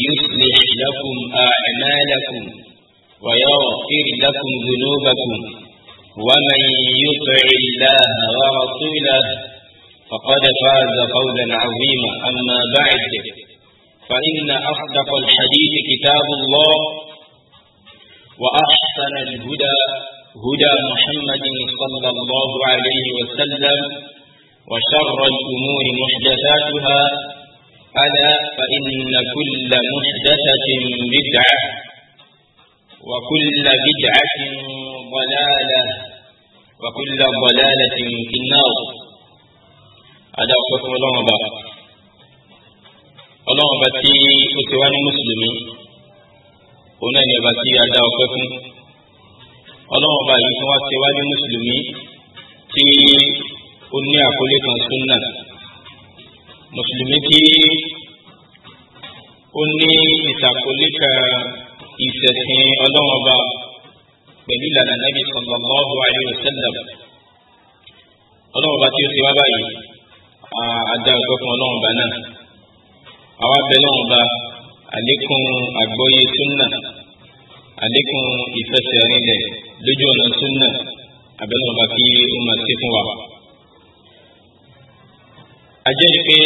يصلح لكم أعمالكم ويغفر لكم ذنوبكم ومن يطع الله ورسوله فقد فاز قولا عظيما أما بعد فإن أصدق الحديث كتاب الله وأحسن الهدى هدى محمد صلى الله عليه وسلم وشر الأمور محدثاتها ألا فإن كل محدثة بدعة وكل بدعة ضلالة وكل ضلالة في النار هذا وصف الله أبا الله أبا تي أتواني مسلمي هنا أبا تي هذا وصف الله أبا يسوى سواني مسلمي تي أني أقول لك سنة mùsùlùmí tí ó ní ìtàkùlẹ́kà ìṣẹ̀sìn ọlọ́wọ́n bá pẹ̀lú ìlànà nàbì sallallahu alaihi wasallam ọlọ́wọ́n bá tí ó ti wá báyìí àdá ọ̀gbọ́n ọlọ́wọ́n bá náà àwa bẹ lọ́wọ́n bá àlékún àgbọ́yé súnà àlékún ìfẹsẹ̀rinlẹ̀ lójú ọ̀nà súnà àbẹ̀lọ́wọ́n kí ó máa ṣe fún wa ajẹ́rìí pé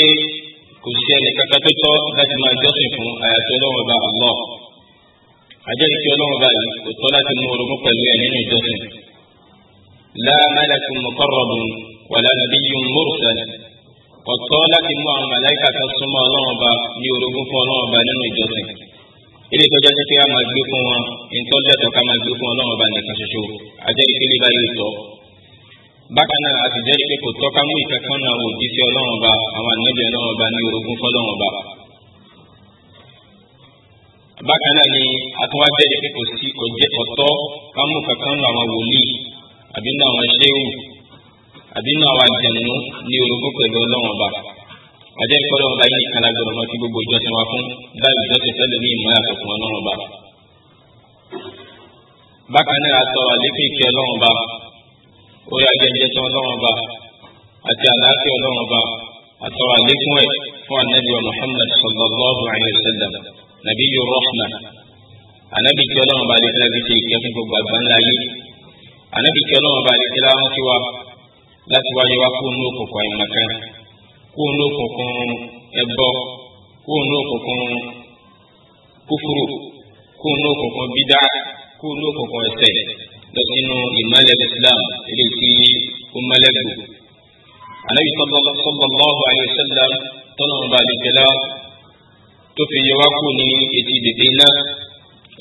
kò sí ẹnì kankan tó tọ́ láti máa jọ́sìn fún àyàtọ̀ ọlọ́run ọba Allah ajẹ́rìí pé ọlọ́run ọba yìí kò tọ́ láti mú orogún pẹ̀lú ẹ̀ nínú ìjọsìn la malakun muqarrabun wala nabiyyun kò tọ́ láti mú àwọn màláìkà kan súnmọ́ ọlọ́run ọba ní orogún fún ọlọ́run ọba nínú ìjọsìn ilé ìtọ́jà ti pé a máa gbé fún wọn ìtọ́jà tó ká máa gbé fún ọlọ́run ọba nìkan ṣoṣo ajẹ́rìí pé bákan náà a sì jẹ́ pé kò tọ́ka mú ìkankan náà òjíṣẹ́ ọlọ́run ọba àwọn ànábì ọlọ́run ọba ní orogún fọlọ́run ọba. bákan náà ni àtúwá jẹ́ pé kò sí kò jẹ́ ọ̀tọ̀ ká mú kankan náà àwọn wòlíì àbí náà àwọn ṣéwù àbí náà àwọn àjẹnú ní orogún pẹ̀lú ọlọ́run ọba. àjẹ́ ìkọlọ́ ọba yìí kan lágbọ̀dọ̀ mọ́ kí gbogbo ìjọsìn wa fún fún ọlọ́run ọba orí ajẹjẹ tí ọlọ́run ọba àti àlàáfíà ọlọ́run ọba àtọ̀rọ̀ àlékún ẹ̀ fún anabi muhammad sallallahu alayhi wa sallam nabi yor rahma anabi tí ọlọ́run ọba àdékẹ́lá fi ṣe ìkẹ́ fún gbogbo àgbáńlá yìí anabi tí ọlọ́run ọba àdékẹ́lá wọn ti wá láti wáyé wá kúrò ní òkùnkùn àìmọ̀kan kúrò ní òkùnkùn ẹbọ kúrò ní òkùnkùn kúfúrú kúrò ní òkùnkùn bídá kúrò ní òkùnkùn ẹ̀ṣẹ̀ nínú ìmọ̀lẹ̀ Islam ilé tí ó mọ̀lẹ̀ gbò. Ànábì sallallahu alaihi wasallam tọ́nà ọba àdìgbẹ́lá tó fi yọ wá kù ní etí bèbè náà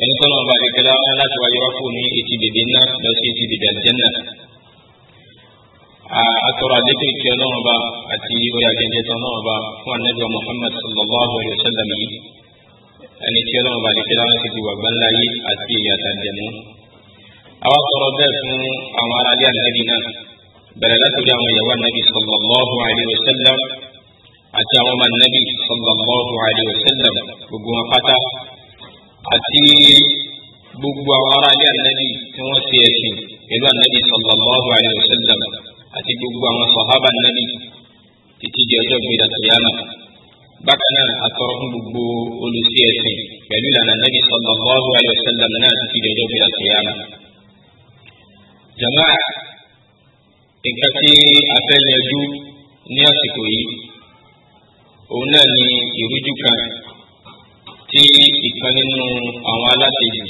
ẹni tọ́nà ọba àdìgbẹ́lá láti wá yọ wá kù ní etí bèbè náà lọ sí etí bèbè àjẹ́nà. Àtọ̀rọ̀ àdékè kí ọlọ́run ọba àti oyè àjẹjẹ tọ́nà ọba fún Ànábì Muhammad sallallahu alaihi wasallam yìí ẹni tí ọlọ́run ọba àdìgbẹ́lá ti di wàgbá ńlá yìí àti ìyàtà dẹ̀mú àwọn sọ̀rọ̀ bẹ́ẹ̀ fún àwọn aráàlú àlẹ́bí náà bẹ̀rẹ̀ látòrí àwọn ìyàwó ànábì sallallahu alaihi wasallam àti àwọn ọmọ ànábì sallallahu alaihi wasallam gbogbo wọn pátá àti gbogbo àwọn aráàlú ànábì tí wọ́n ṣe ẹ̀sìn pẹ̀lú ànábì sallallahu alaihi wasallam àti gbogbo àwọn sọ̀hábà ànábì títí di ọjọ́ gbéra tòyánà bákan náà atọrọ fún gbogbo olùsí ẹ̀sìn pẹ̀lú ìlànà ànábì sallallahu alaihi wasallam náà títí di ọjọ́ gbéra tòyánà jama nǹkan tí a fẹ́ yanjú ní àsìkò yìí òun náà ni ìrújú kan tí ìkan nínú àwọn alátejì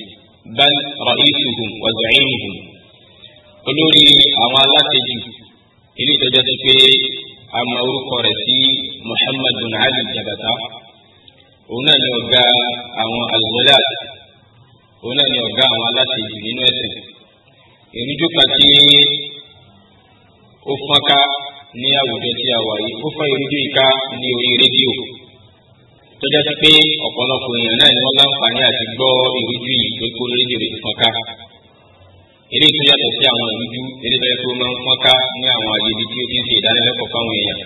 bal ra'isuhum wa za'imuhum olórí àwọn alátejì ilé ìtọ́jà ti pé a mọ orúkọ rẹ̀ sí muhammadu ali jabata òun náà ni ọ̀gá àwọn alùpùpù òun náà ni ọ̀gá àwọn alátejì nínú ẹ̀sìn ìrújú kan tí ó fọ́n ní àwùjọ tí a wà yìí ó fọ́n ìrújú yìí ní orí rédíò tó jẹ́ pé ọ̀pọ̀lọpọ̀ èèyàn náà ni wọ́n láǹfààní àti gbọ́ ìrújú yìí tó kó rédíò rẹ̀ fọ́n ká eré tó yàtọ̀ sí àwọn ìrújú eré tó yẹ kó máa ń fọ́n ká ní àwọn àyèbí tí ó fi ń ṣe ìdánilẹ́kọ̀ọ́ fáwọn èèyàn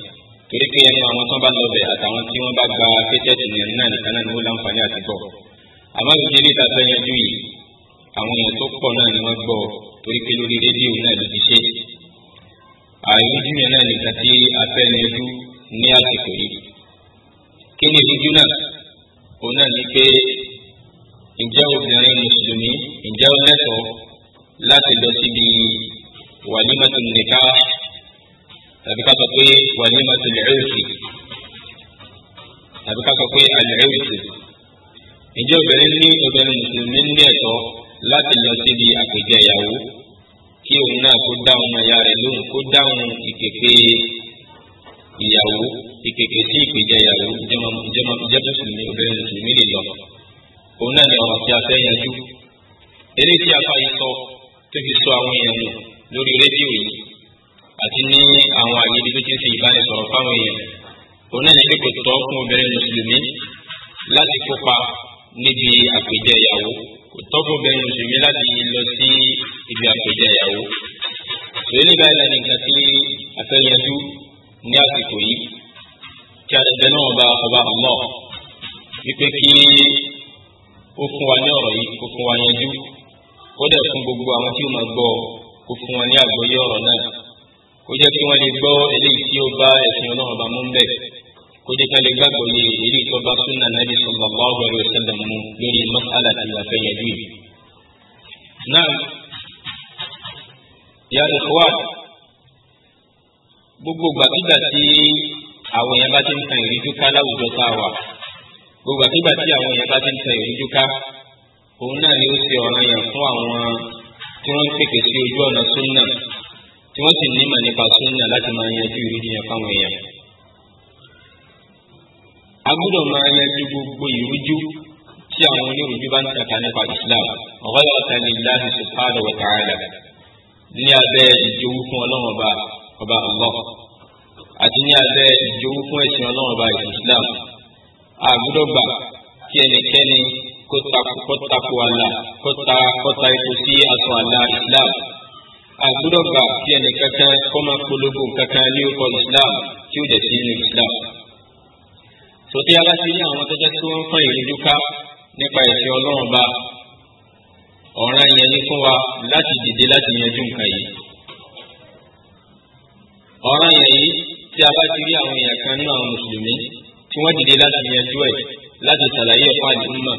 torí pé ẹnu àwọn tó bá lọbẹ̀ àtàwọn tí wọ́n bá gba kétẹ́ẹ̀tì ni wọ́n láǹfààní àti gbọ́ àmọ́ àwọn èèyàn tó pọ̀ náà ni wọ́n gbọ́ torí pé lórí rédíò náà ló ti ṣe àìrújú yẹn náà nìkan tí afẹ́nijú ní àsìkò yìí kí ni ìrújú náà òun náà ni pé ǹjẹ́ obìnrin mùsùlùmí ǹjẹ́ ó lẹ́tọ̀ọ́ láti lọ síbi wàlímọ̀tò nìka tàbí ká sọ pé wàlímọ̀tò lẹ́ẹ̀sì tàbí ká sọ pé àlẹ́ẹ̀sì ǹjẹ́ obìnrin ní obìnrin mùsùlùmí ní ẹ̀tọ́ láti lọ síbi àpèjẹ ìyàwó kí òun náà kó dáhùn ọmọ ìyá rẹ̀ lóhùn kó dáhùn ìkèké ìyàwó ìkèké sí ìpèjẹ ìyàwó jẹ́ mùsùlùmí obìnrin mùsùlùmí lè lọ òun náà ni ọ̀rọ̀ tí a fẹ́ yanjú eré tí a fa ìsọ tó fi sọ àwọn èèyàn lò lórí rédíò yìí àti ní àwọn àyèdè tó ti ń fi ìbánisọ̀rọ̀ fáwọn èèyàn òun náà ni pé kò tọ́ fún obìnrin mùsùlùmí láti kópa níbi àpèjẹ ìyàwó tọ́kọ̀ bẹ́ẹ̀ mùsùlùmí láti lọ sí ibi àpèjẹ ìyàwó. Ìrẹ́lẹ̀ báyìí láti nǹkan tí a fẹ́ yanjú ní àsìkò yìí. Kí a dẹ̀dẹ̀ náà bá ọba àmọ́ wípé kí ó fún wa ní ọ̀rọ̀ yìí, kó fún wa yanjú. Ó dẹ̀ fún gbogbo àwọn tí ó máa gbọ́ kó fún wa ní àgbọ́yé ọ̀rọ̀ náà. Ó jẹ́ kí wọ́n lè gbọ́ eléyìí tí ó bá ẹ̀sìn ọlọ́run bá mú bẹ́ẹ̀ ó jẹ́ ká lè gbàgbọ́ ní èrí tó bá súnà nàbí sallallahu alaihi wasallam mu lórí mas'ala tí a fẹ́ yẹjú yìí. náà ya ikhwan gbogbo gbàgbígbà tí àwọn èèyàn bá ti ń tan ìríjú ká láwùjọ tá a wà gbogbo àgbégbà tí àwọn èèyàn bá ti ń tan ìríjú ká òun náà ni ó ṣe ọ̀ràn yẹn fún àwọn tí wọ́n ń pèpè sí ojú ọ̀nà súnà tí wọ́n sì nímọ̀ a gbọ́dọ̀ máa yanjú gbogbo ìrújú tí àwọn onírúurú bá ń tàkà nípa Islam ọ̀gáyà ọ̀tàlẹ̀ láti subhanahu wa ta'ala ní abẹ́ ìjòwú fún ọlọ́run ọba ọba Allah àti ní abẹ́ ìjòwú fún ẹ̀sìn ọlọ́run ọba Islam a gbọ́dọ̀ gbà kí ẹnikẹ́ni kọ́tàkù àlà kọ́tà ètò sí aṣọ àlà Islam a gbọ́dọ̀ gbà kí ẹnikẹ́kẹ́ kọ́ máa polówó kankan ní orúkọ Islam tí ó dẹ̀ sí nínú Islam sọtí ara ti ní àwọn tẹ́tẹ́ tó ń tàn ìrìnjú ká nípa ẹ̀sìn ọlọ́run bá ọ̀ràn yẹn ní fún wa láti dìde láti yanjú nǹkan yìí. ọ̀ràn yẹn yìí tí a bá ti rí àwọn èèyàn kan nínú àwọn mùsùlùmí tí wọ́n dìde láti yanjú ẹ̀ láti ṣàlàyé ẹ̀kọ́ àdúgbò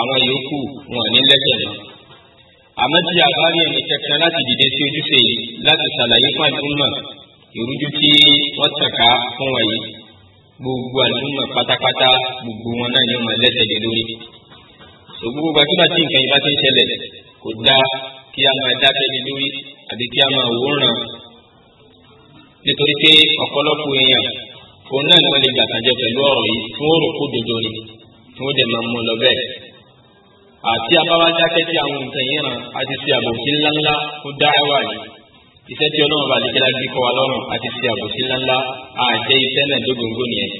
àwọn yòókù wọn ní lẹ́sẹ̀ lọ. àmọ́ tí a bá rí ẹni kẹ̀kẹ́ láti dìde sí ojúṣe yìí láti ṣàlàyé fún àdúgbò ìrújú tí wọ́n tàn ká fún wọn yìí gbogbo àlùmọ̀ pátápátá gbogbo wọn náà ni wọn lẹ́sẹ̀ lé lórí. gbogbo gbàtí bá ti nǹkan yìí bá ti ń ṣẹlẹ̀ kò dáa kí a máa dákẹ́ lé lórí àbí kí a máa wò ó ràn. nítorí pé ọ̀pọ̀lọpọ̀ èèyàn òun náà ni wọ́n lè gbà kànjẹ́ pẹ̀lú ọ̀rọ̀ yìí tí wọ́n kó dodo ni tí wọ́n máa mú lọ bẹ́ẹ̀. àti abáwá dákẹ́ àwọn nǹkan yìí ràn á ti ṣe àbòsí ńláńlá fún dáhàwá yìí iṣẹ́ tí ọlọ́run bá àdékẹ́lá gbé kọ́ wa lọ́rùn àti ṣe àbòsí ńláńlá àjẹ́ iṣẹ́ náà dógóńgó nìyẹn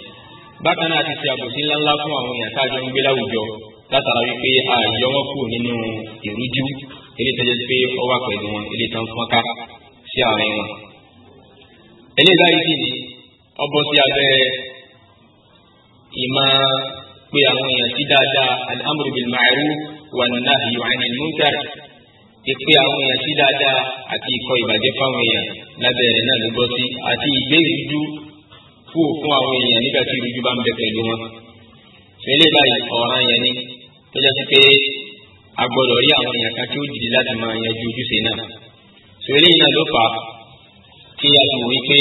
bákan náà àti ṣe àbòsí ńláńlá fún àwọn èèyàn tá a jọ ń gbé láwùjọ látara wípé àjọ wọn kù nínú ìrújú eléyìí tó jẹ́ pé ó wà pẹ̀lú wọn eléyìí tó ń fọ́n sí àárín wọn. eléyìí báyìí sì ni ọbọ̀ sí abẹ́ ìmọ̀ pé àwọn èèyàn sí dáadáa al-amru bil ma'ruf wan nahyu ìpè àwọn èèyàn sí dáadáa àti ìkọ̀ ìbàjẹ́ fáwọn èèyàn lábẹ́ rẹ̀ náà ló gbọ́ sí àti ìgbé ìrújú kúò fún àwọn èèyàn nígbà tí ìrújú bá ń bẹ pẹ̀lú wọn. fẹ́lẹ́ báyìí ọ̀ràn yẹn ni tó jẹ́ sí pé a gbọ́dọ̀ rí àwọn èèyàn kan tí ó dìde láti máa yanjú ojúṣe náà. sọ̀rọ̀ náà ló fà á kí a sì wí pé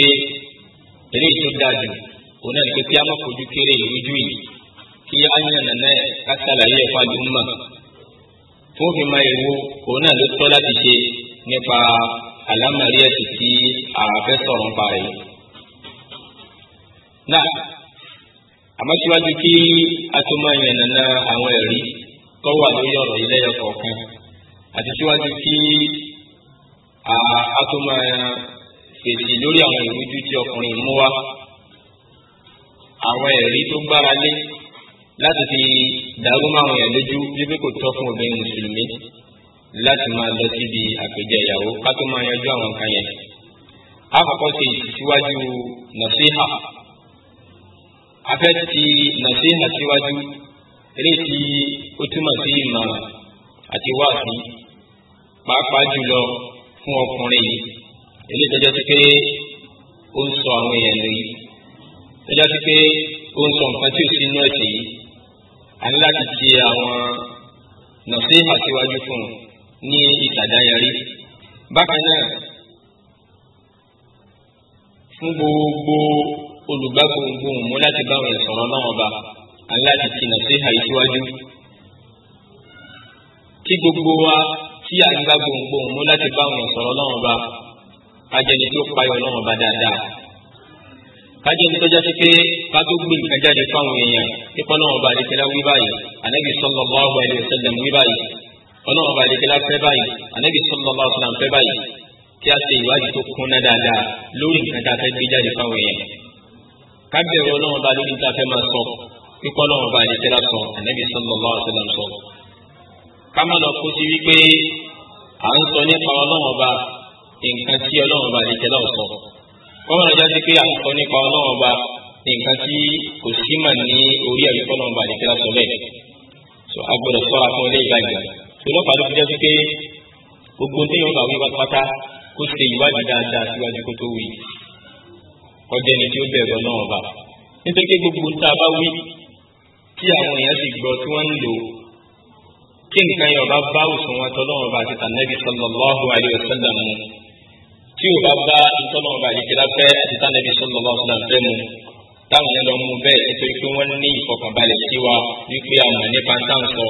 eré tó dáa jù òun náà ni pé kí a má fojú kéré ìrújú yìí kí á yàn nàná wọ́n fi máa ewu òun náà ló tọ́ láti ṣe nípa àlámàrí ẹ̀sìn tí àfẹ́ sọ̀rọ̀ ń parí. náà àmọ́ síwájú kí a tó máa yàn nàna àwọn ẹ̀rí tó wà lórí ọ̀rọ̀ ilé ẹ̀kọ́ àti síwájú kí a tó máa fèsì lórí àwọn ìrújú tí ọkùnrin mú wá àwọn ẹ̀rí tó gbára lé láti fi dàrú máwọn èèyàn lójú wípé kò tọ́ fún obìnrin mùsùlùmí láti máa lọ síbi àpèjẹ ìyàwó ká máa yanjú àwọn nǹkan yẹn. a kọ́kọ́ ṣe ìsíwájú nàṣíhà a fẹ́ ti nàṣíhà síwájú eré tí ó túmọ̀ sí ìmọ̀ràn àti wáàsí pàápàá jùlọ fún ọkùnrin yìí èlé tó jẹ́ sí pé ó ń sọ àwọn èèyàn lóyún tó jẹ́ sí pé ó ń sọ nǹkan tí ò sí inú ẹ̀sìn yìí a ní láti ṣe àwọn nasiha síwájú fún un ní ìtàdáyarí bákan náà fún gbogbo olùgbàgbọ̀ngbọ̀n mú láti bá wọn sọ̀rọ̀ náà ọba a ní láti ṣe nasiha síwájú kí gbogbo wa tí à ń gbàgbọ̀ngbọ̀n mú láti bá wọn sọ̀rọ̀ náà ọba ajẹni tó payọ̀ náà ọba dáadáa kájọ ní tọ́já sí pé ká tó gbé nǹkan jáde fáwọn èèyàn tí ọlọ́run ọba àdékẹ́lá wí báyìí ànábì sallallahu alaihi wasallam wí báyìí ọlọ́run ọba àdékẹ́lá fẹ́ báyìí ànábì sallallahu alaihi wasallam fẹ́ báyìí kí a ṣe ìwádìí tó kúnná dáadáa lórí nǹkan tá a fẹ́ gbé jáde fáwọn èèyàn ká ọlọ́run ọba lórí nǹkan fẹ́ máa sọ kíkọ́ ọlọ́run ọba àdékẹ́lá sọ ànábì sallallahu ọba ọba wọ́n máa jáde pé àkókò nípa ọlọ́run ọba nǹkan tí kò sí mà ní orí ẹ̀rí tọ́lọ́run ọba àdìkẹ́lá sọ bẹ́ẹ̀ so a gbọ́dọ̀ sọ́ra fún ilé ìgbàgbà so lọ́pàá ló fi jáde pé gbogbo tí yóò bá wí pátá kó ṣe ìwádìí dáadáa síwájú kó tó wí ọjọ́ ẹni tí ó bẹ̀rù ọlọ́run ọba nítorí pé gbogbo tá a bá wí tí àwọn èèyàn sì gbọ́ tí wọ́n ń lò kí nǹkan yọ̀ọ̀bá bá òṣùwọ̀n tí o bá bá ìtọ́lọ́ ọba àdìkẹ́lá fẹ́ àti tánẹ́bí sọ́lọ́lá ọ̀sán fẹ́ mu táwọn yẹn lọ mú bẹ́ẹ̀ nítorí pé wọ́n ní ìfọkànbalẹ̀ sí wa wípé àwọn nípa ń tàn sọ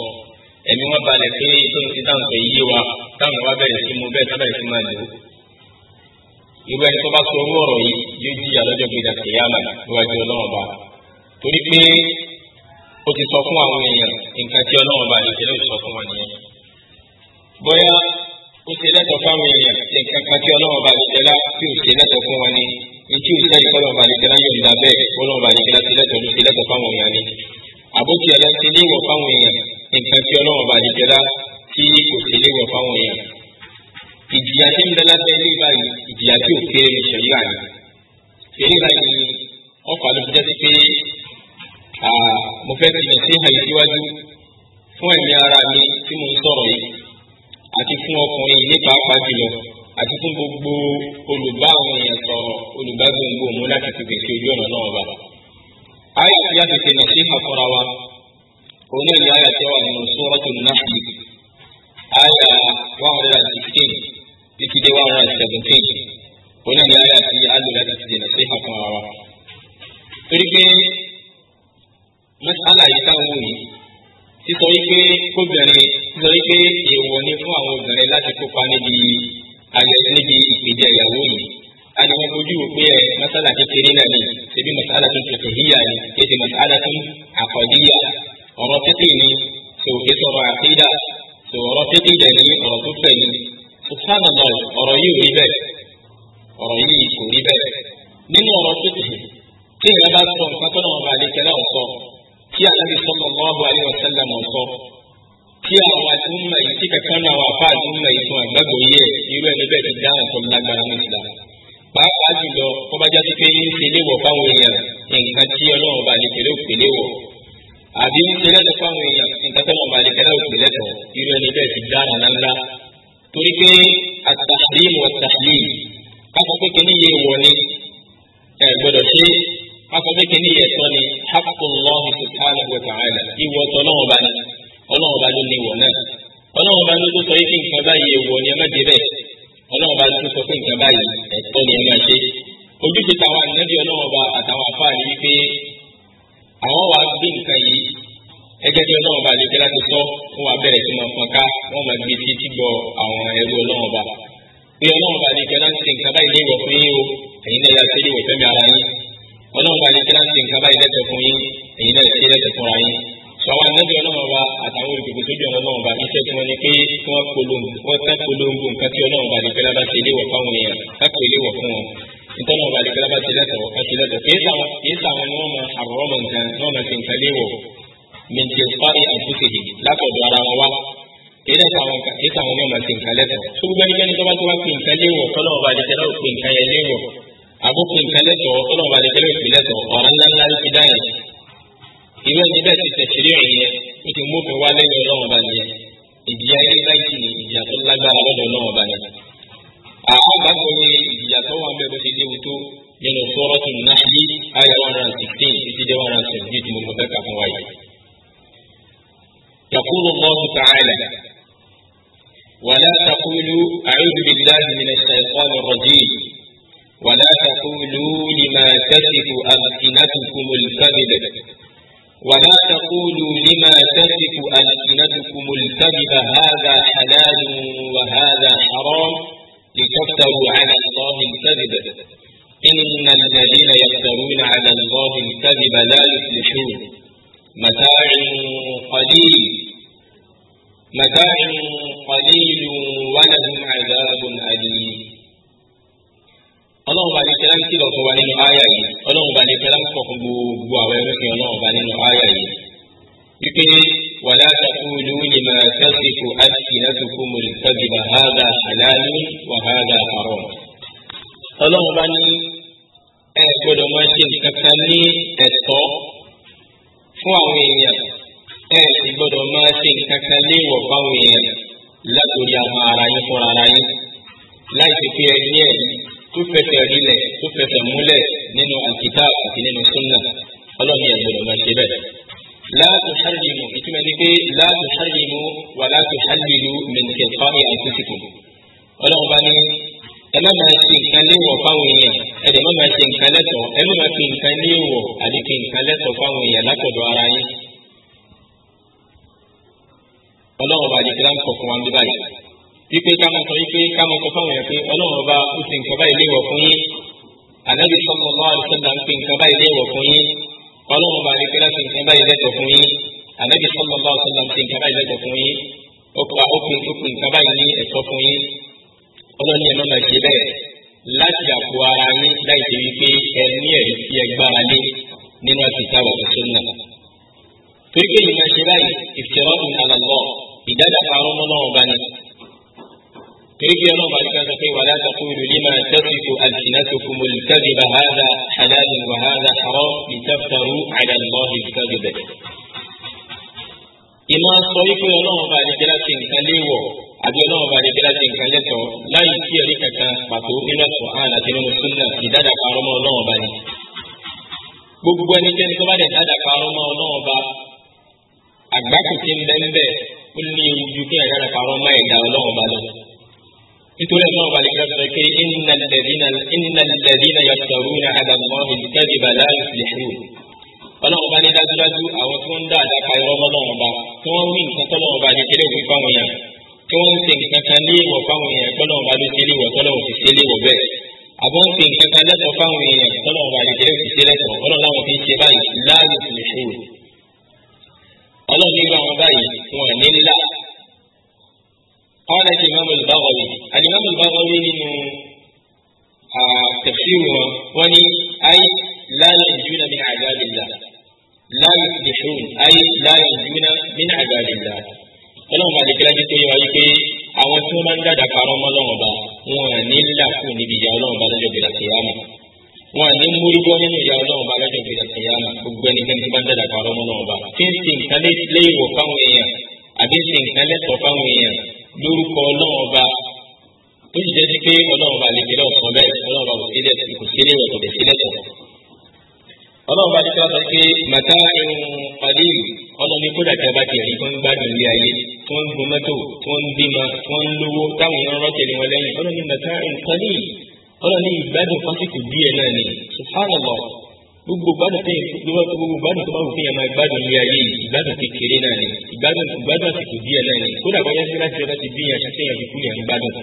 ẹ̀mí wọn balẹ̀ pé tó ti tàn sọ yé wa táwọn wa bẹ̀rẹ̀ sí mu bẹ́ẹ̀ tábẹ̀rẹ̀ sí máa lò ó. irú ẹni tó bá sọ orú ọ̀rọ̀ yìí yóò jìyà lọ́jọ́ gbèdà kìyàmà níwájú ọlọ́run ọba torí pé ó ti sọ fún àwọn èèyàn nǹkan tí ọlọ́run ọba àdìkẹ́lẹ́ ó ṣe lẹ́tọ̀ fáwọn èèyàn ṣe nǹkan kan tí ọlọ́run bá lè tẹ́lá tí ò ṣe lẹ́tọ̀ fún wọn ni ní tí ò sí lẹ́yìn fọlọ́run bá lè tẹ́lá yóò dá bẹ́ẹ̀ fọlọ́run bá lè tẹ́lá ṣe lẹ́tọ̀ ló ṣe lẹ́tọ̀ fáwọn èèyàn ni. àbókí ọ̀la ṣe léwọ̀ fáwọn èèyàn nǹkan tí ọlọ́run bá lè tẹ́lá tí kò ṣe léwọ̀ fáwọn èèyàn. ìjìyà tí ń bẹ lábẹ́ ilé ìjìyà tí ò kéré ní lọ àti fún gbogbo olùbá àwọn èèyàn sọ̀rọ̀ olùbágbòǹgbò mú láti fi pèsè ojú ọ̀nà náà wà ọ̀dọ̀ ara wọn wá kéde àwọn nǹkan kéde àwọn ọmọ ìmọ̀sí nǹkan lẹ́tọ̀ọ́ tó gbẹ́nikẹ́ni tó bá tó bá pè nǹkan léwọ̀ tọ́lọ́ ọba àdìkẹ́lẹ́ ò pè nǹkan yẹn léwọ̀ àbó pè nǹkan lẹ́tọ̀ọ́ tọ́lọ́ ọba àdìkẹ́lẹ́ ò pè lẹ́tọ̀ọ́ ọ̀rọ̀ ńlá ńlá ti dá yẹn ìwé ẹni bẹ́ẹ̀ ti tẹ̀sírí ọ̀yìn yẹn ó ti mú òfin wá lẹ́yìn ọlọ́run ọba nìyẹn ìjìyà ilé báyìí ni ìjìyà tó lágbára lọ́dọ̀ ọlọ́run ọba nìyẹn àwọn gbàgbọ́ ní ìjìyà tó wà mẹ́bọ̀ ti léwu tó nínú Suratul يقول الله تعالى ولا تقولوا أعوذ بالله من الشيطان الرجيم ولا تقولوا لما تصف ألسنتكم الكذب ولا تقولوا لما تصف ألسنتكم الكذب هذا حلال وهذا حرام لتفتروا على الله الكذب إن الذين يفترون على الله الكذب لا يفلحون متاع قليل متاع قليل ولهم عذاب أليم ọlọ́run bá ní kẹlá ń kìlọ̀ fún wa nínú àyà yìí ọlọ́run bá ní kẹlá ń kọ̀ fún gbogbo àwọn ẹlẹ́sìn ọlọ́run bá nínú àyà yìí wípé wàlá taqulu lima tasifu alsinatukumul kadhiba hadha halalun wa hadha haram. ọlọ́run bá ní ẹ gbọ́dọ̀ máa ṣe nǹkan kan ní ẹ̀tọ́ fún àwọn èèyàn ẹ sì gbọ́dọ̀ máa ṣe nǹkan kan léèwọ̀ fáwọn èèyàn látòrí àwọn ara yín fúnra ara yín láì ṣe pé ẹni ẹ̀ tó fẹsẹ̀ rinlẹ̀ tó fẹsẹ̀ múlẹ̀ nínú alkitab àti nínú sunna ọlọ́run yẹn gbọ́dọ̀ máa ṣe bẹ́ẹ̀. láàtò ṣàlìmù ìtumọ̀ ni pé láàtò ṣàlìmù wà láàtò ṣàlìlù mẹ̀ǹkẹ̀ fáwọn ọlọ́run bá ní ẹ má máa ṣe nǹkan léèwọ̀ fáwọn èèyàn ẹ̀dẹ̀ má máa ṣe nǹkan lẹ́tọ̀ọ́ ẹ má máa fi nǹkan ní èèwọ̀ àbí fi nǹkan lẹ́tọ̀ọ́ fáwọn èèyàn látọ̀dọ̀ ara yín. ọlọ́run ọba àdìgbà ń kọ̀ fún wa ní báyìí wípé ká máa sọ wípé ká máa sọ fáwọn èèyàn pé ọlọ́run ọba ó fi nǹkan báyìí léèwọ̀ fún yín ànábì sọ́mọ ọmọ àdìsọ́dà ń fi nǹkan báyìí léèwọ̀ fún yín ọlọ́run ọba àdìgbà ń fi nǹkan báyìí báyìí lẹ́tọ̀ọ́ láti àpò ara yín láì ṣe wípé ẹ ní ẹ̀rí tí ẹ gbára lé nínú àtìkáwà tó súnmọ́. torí pé ìmọ̀ ṣe báyìí ìfìṣẹ́rọ́ ní àlàbọ̀ ìdájà parọ́ mọ́ náà bá ní. torí pé ọlọ́run àti kan sọ pé wàlá taqulu lima tasifu alsinatukum al-kadhiba hadha halalun wa hadha haram litaftaru ala Allahi al-kadhiba. ìmọ̀ sọ wípé ọlọ́run bá ní kíláàsì nǹkan ọlọ́run bá ní Al-Qur'an àti nínú súnà ìdádà parọ́ mọ́ ọlọ́wọ́n ba gbogbo ẹnikẹ́ni tó bá dẹ̀ dádà parọ́ ba ń táwọn èèyàn rọ́ọ̀tẹ̀ ni wọ́n lẹ́yìn ọlọ́run ní mẹ́ta nǹkan ní ọlọ́run ní ìgbádùn fásitì díẹ̀ náà ni subhanallah gbogbo gbádùn tẹ gbogbo gbádùn tó bá wù kéèyàn máa gbádùn ilé ayé yìí ìgbádùn kékeré náà ni ìgbádùn ìgbádùn àsìkò díẹ̀ náà ni kódà bọ́yá sí láti ọba ti bí yàn ṣiṣẹ́ yàn fi kú yàn gbádùn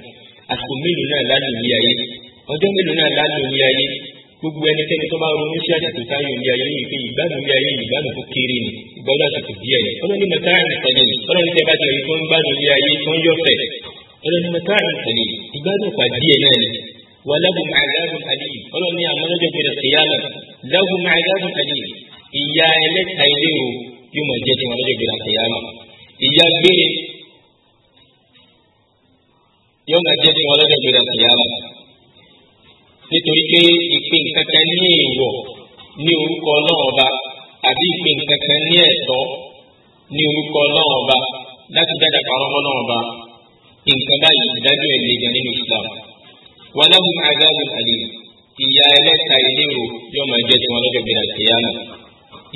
àsìkò mélòó náà lálẹ́ ilé ayé ọjọ́ mélòó náà lálẹ́ ilé ayé gbogbo ẹnikẹ́ni tó bá ronú sí àsìkò táyọ̀ ilé ayé yìí pé ìgbádùn ilé ayé ìgbádùn tó kéré ni ìgbádùn àsìkò díẹ̀ ni ọlọ́ni mẹ́ta ẹ̀ ọlọ́ni mẹ́ta àìkàlẹ̀ ìgbádùn pàdé ẹ̀ náà ni wà lágùn àdágùn àdìyí ọlọ́ni àmọ́lọ́jọ́ gbọdọ̀ kìyàmà lágùn àdágùn àdìyí ìyá ẹlẹ́ta ilé o yóò mọ̀ jẹ́ tiwọn lọ́jọ́ gbọdọ̀ kìyàmà ìyá gbére yóò mọ̀ jẹ́ tiwọn lọ́jọ́ gbọdọ̀ kìyàmà nítorí pé ìpín kankan ní èèwọ̀ ní orúkọ náà ọba àbí ìpín kankan ní ẹ̀tọ́ ní orúkọ náà ọba láti dáadáa pàrọ̀ náà ọba nǹkan báyìí ìdájọ́ ẹ̀ lè gan nínú Islam wọn láwọn àdáwò àlè ìyá ẹlẹ́ta ìlérò yóò máa jẹ́ tiwọn lọ́jọ́ gbéra kìyàmù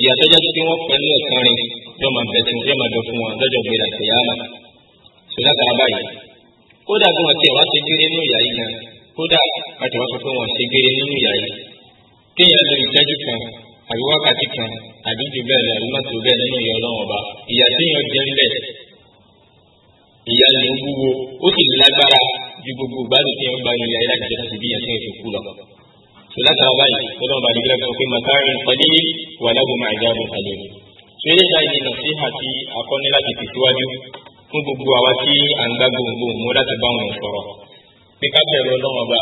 ìyàtọ̀ jẹ́ pé wọ́n pẹ̀lú ẹ̀kan rìn yóò máa bẹ̀ tí yóò máa bẹ fún wọn lọ́jọ́ gbéra kìyàmù sọdọ́ta báyìí kódà bí wọ́n ti wá ti gbére nínú ìyá yìí gan kódà àti wọ́n sọ pé wọ́n ti gbére nínú ìyá yìí kéèyàn lo ìtẹ́jú kan àbí wákàtí kan àbí jù bẹ́ẹ̀ lọ qalil wa lahum adhabun alim. ṣeré náà ni nàṣíhà tí a kọ́ ní láti tẹ̀síwájú gbogbo àwa tí à ń gbá gbòǹgbò mú láti bá wọn sọ̀rọ̀ pé ká bẹ̀rù ọba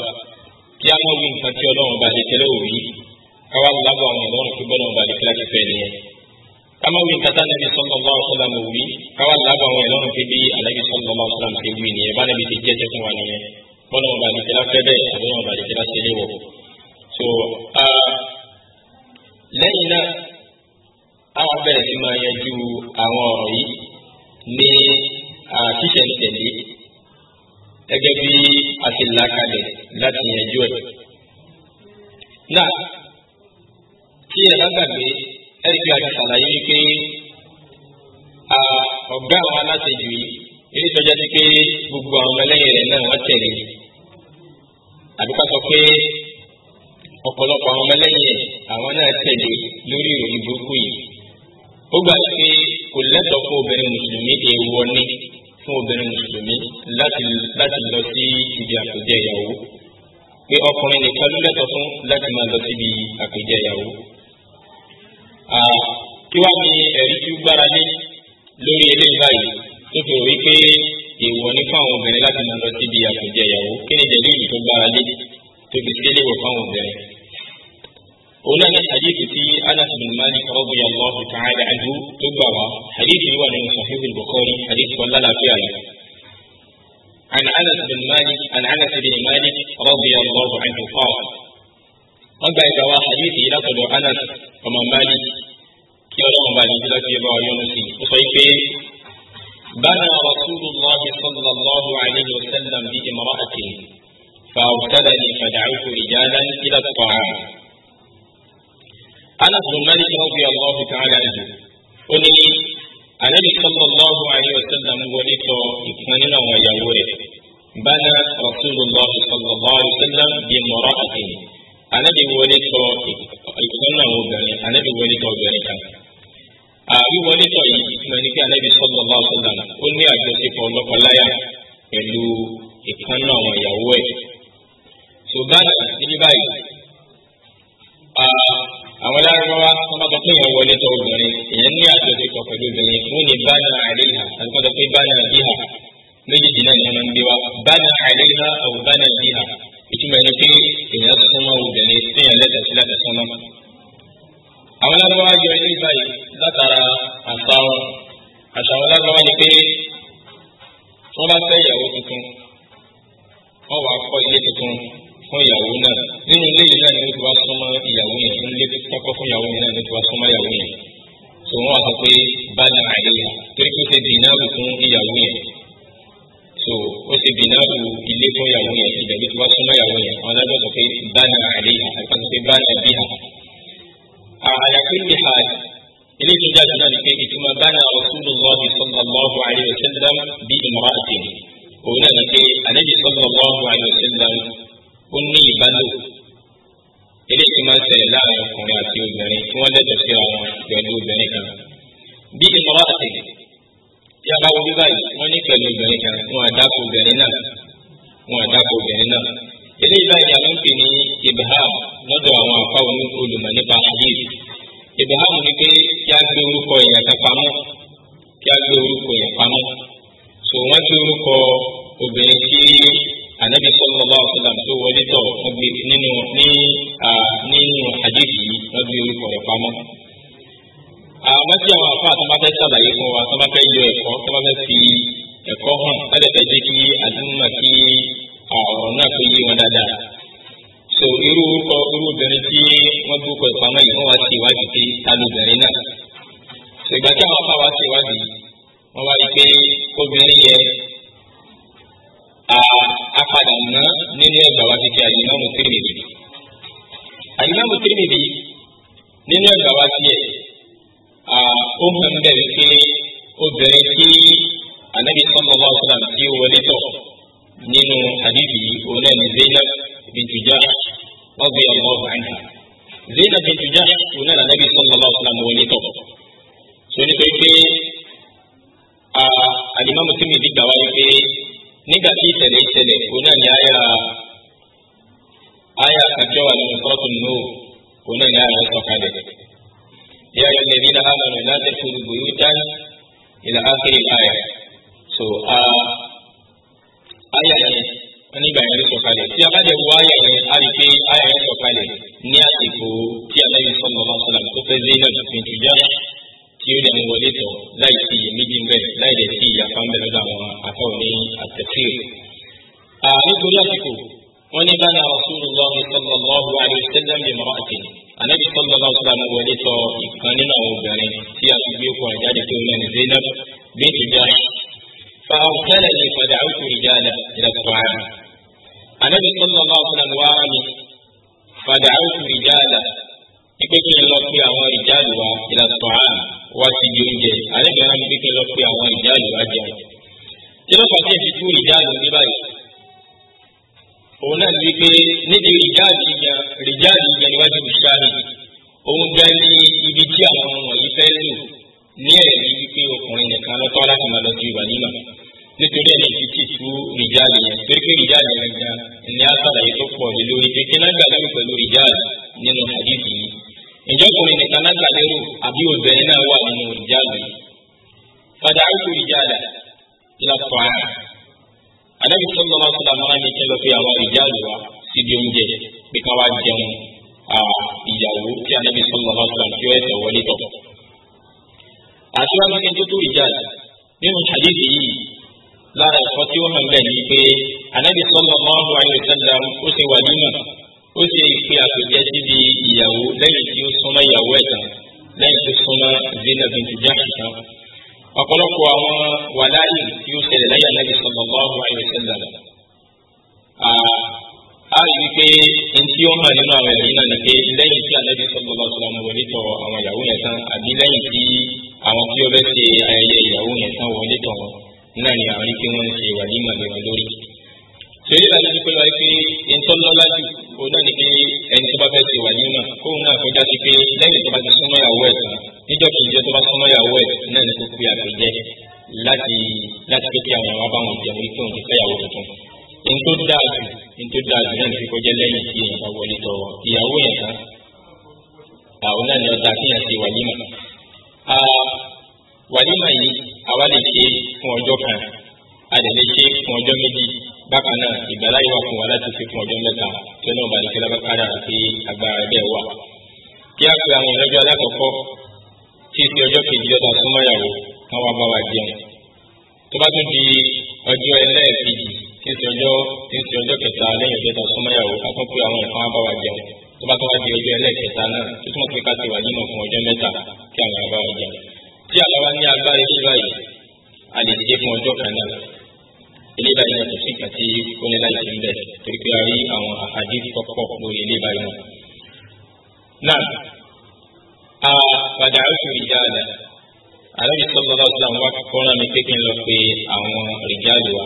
ọ̀kan nínú àwọn ìyàwó rẹ̀ bala rasulullah sallallahu alaihi wa sallam bi mọ̀rọ̀ àti anabi wọlé tọ ìkànnì àwọn obìnrin anabi wọlé tọ obìnrin kan. Zaina bintu Jahsh òun náà Nabi sallallahu alaihi wasallam wọlé tọ̀. sọ nítorí pé alimami tí mi di gbà wáyé pé nígbà tí ni aya aya náà ní àyà àyà àjọ àlùmọ̀ sọ́ọ̀tù nù òun náà ní àyà sọ̀kalẹ̀. يا أيها الذين آمنوا لا تدخلوا بيوتا إلى آخر الآية. so a aya ni nígbà yẹn ló sọ̀kalẹ̀ tí a bá dẹ̀ wọ àyà yẹn a rí pé àyà yẹn sọ̀kalẹ̀ ní àsìkò tí aláìsí sọ́nà bá sọ́nà tó fẹ́ Zainab bintu Jahsh tí ó dẹ̀ ń wọlé tọ̀ láì sí iyèméjì ń bẹ̀ láì dẹ̀ sí ìyàpá ń bẹ̀ lọ́dọ̀ àwọn afáwọn ní àtẹ̀fíìr. nítorí àsìkò wọ́n ní báyà Rasulullah sallallahu alaihi wasallam bi imra'atin anábì sọ́nà bá sọ́nà wọlé tọ̀ ìkan nínú àwọn obìnrin tí a ti gbé kọ àjáde tó mẹ́rin Zainab bintu Jahsh. فأرسلني فدعوت رجالا إلى الطعام. النبي صلى الله عليه وسلم fàdáhùn ìjáàlà ipe kí n lọ pe àwọn ìjáàlù wa ìlàtọ̀ àná wá sí ibi oúnjẹ àlejò náà ní pé kí n lọ pe àwọn ìjáàlù wa jẹun. kí ló fà á sí ìfikún fún un tó dáa jù ní tó dáa jù náà ní kọjá lẹ́yìn tí èèyàn bá wọlé tọ̀ ìyàwó yẹn tán àwọn náà ní ọjà kí èèyàn ṣe wàlímà wàlímà yìí àwa lè ṣe fún ọjọ́ kan a lè lè ṣe fún ọjọ́ méjì bákan náà ìgbàláyé wà fún wa láti fi fún ọjọ́ mẹ́ta tí ó náà bá ní kí lábá kára àti agbára ẹgbẹ́ wà kí á pe àwọn ìrẹ́jọ́ alákọ̀ọ́kọ́ tí ti ọjọ́ kejì lọ́ta súnmọ́ ká ti wà nínú fún ọjọ́ mẹ́ta kí àwọn àbá wọn jẹ tí àlàwà ní agbára iṣẹ́ báyìí a lè dìde fún ọjọ́ kan náà ilé báyìí náà kò sí kan tí ó ní láì fi ń bẹ torí pé a rí àwọn àhàdíìsì pọpọ lórí ilé báyìí náà. náà a padà oṣù ìjáàlá àlọ́ ìsọ́lọ́lá ọ̀sán wa kọ́ra mi pé kí n lọ pe àwọn rìjáàlú wa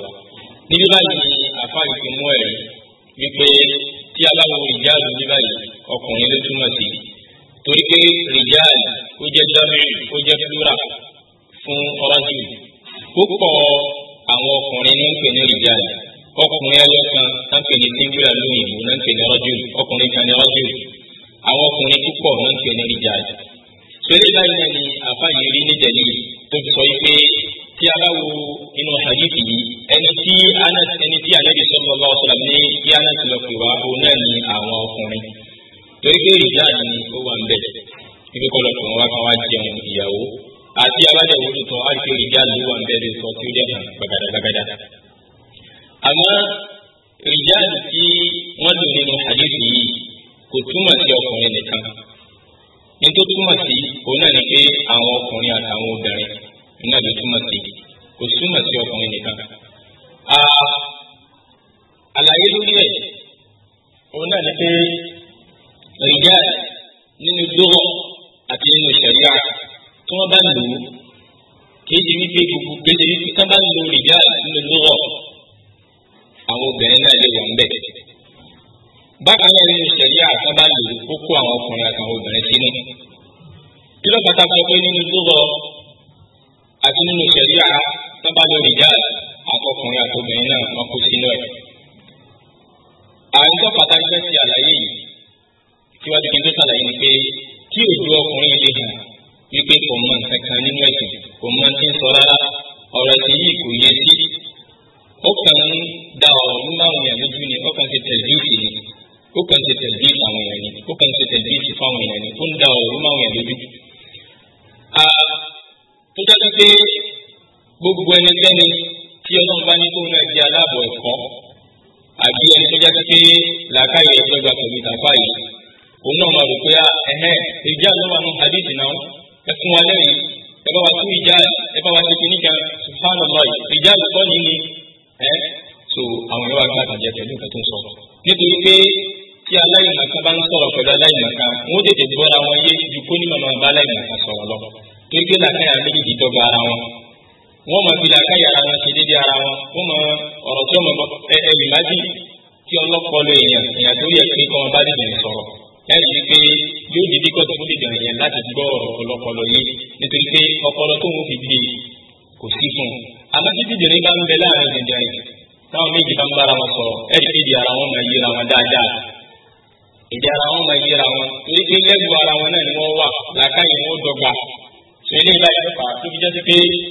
kankan nínú ẹ̀sìn kò máa ti ń sọ rárá ọ̀rọ̀ ẹ̀sìn yìí kò yé sí ó kàn ń da ọ̀rọ̀ nínú àwọn èèyàn lójú ni ó kàn ti tẹ̀lifíìsì ni ó kàn ti tẹ̀lifíìsì àwọn èèyàn ni ó kàn ti tẹ̀lifíìsì fáwọn èèyàn ni ó ń da ọ̀rọ̀ nínú àwọn èèyàn lójú. tó dájú pé gbogbo ẹnikẹ́ni tí ọlọ́run bá ní kó náà di aláàbọ̀ ẹ̀kọ́ àbí ẹni tó jáde pé làákàyè ẹ là káyà méjì dọ́gba ara wọn. pé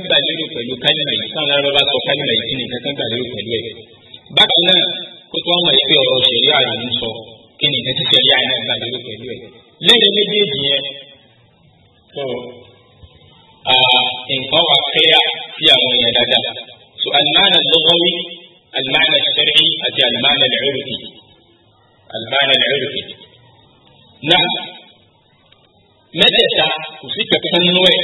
ń gbà lérò pẹ̀lú kálímà yìí sáwọn arábá bá sọ kálímà yìí kí ni nǹkan kan gbà lérò pẹ̀lú ẹ̀. bákan náà kó tó wọn mọ̀ yìí pé ọ̀rọ̀ ṣẹ̀ríà yìí ń sọ kí ni nǹkan tí ṣẹ̀ríà yìí náà gbà lérò pẹ̀lú ẹ̀. lẹ́yìn méjèèjì yẹn tó nǹkan wà kẹ́yà sí àwọn èèyàn dáadáa. so alimánà lọ́wọ́wí alimánà ṣẹ́rí àti alimánà lẹ́rùkì alimánà lẹ́rùkì. náà mẹ́tẹ̀ẹ̀ta kò sí kẹ̀kẹ́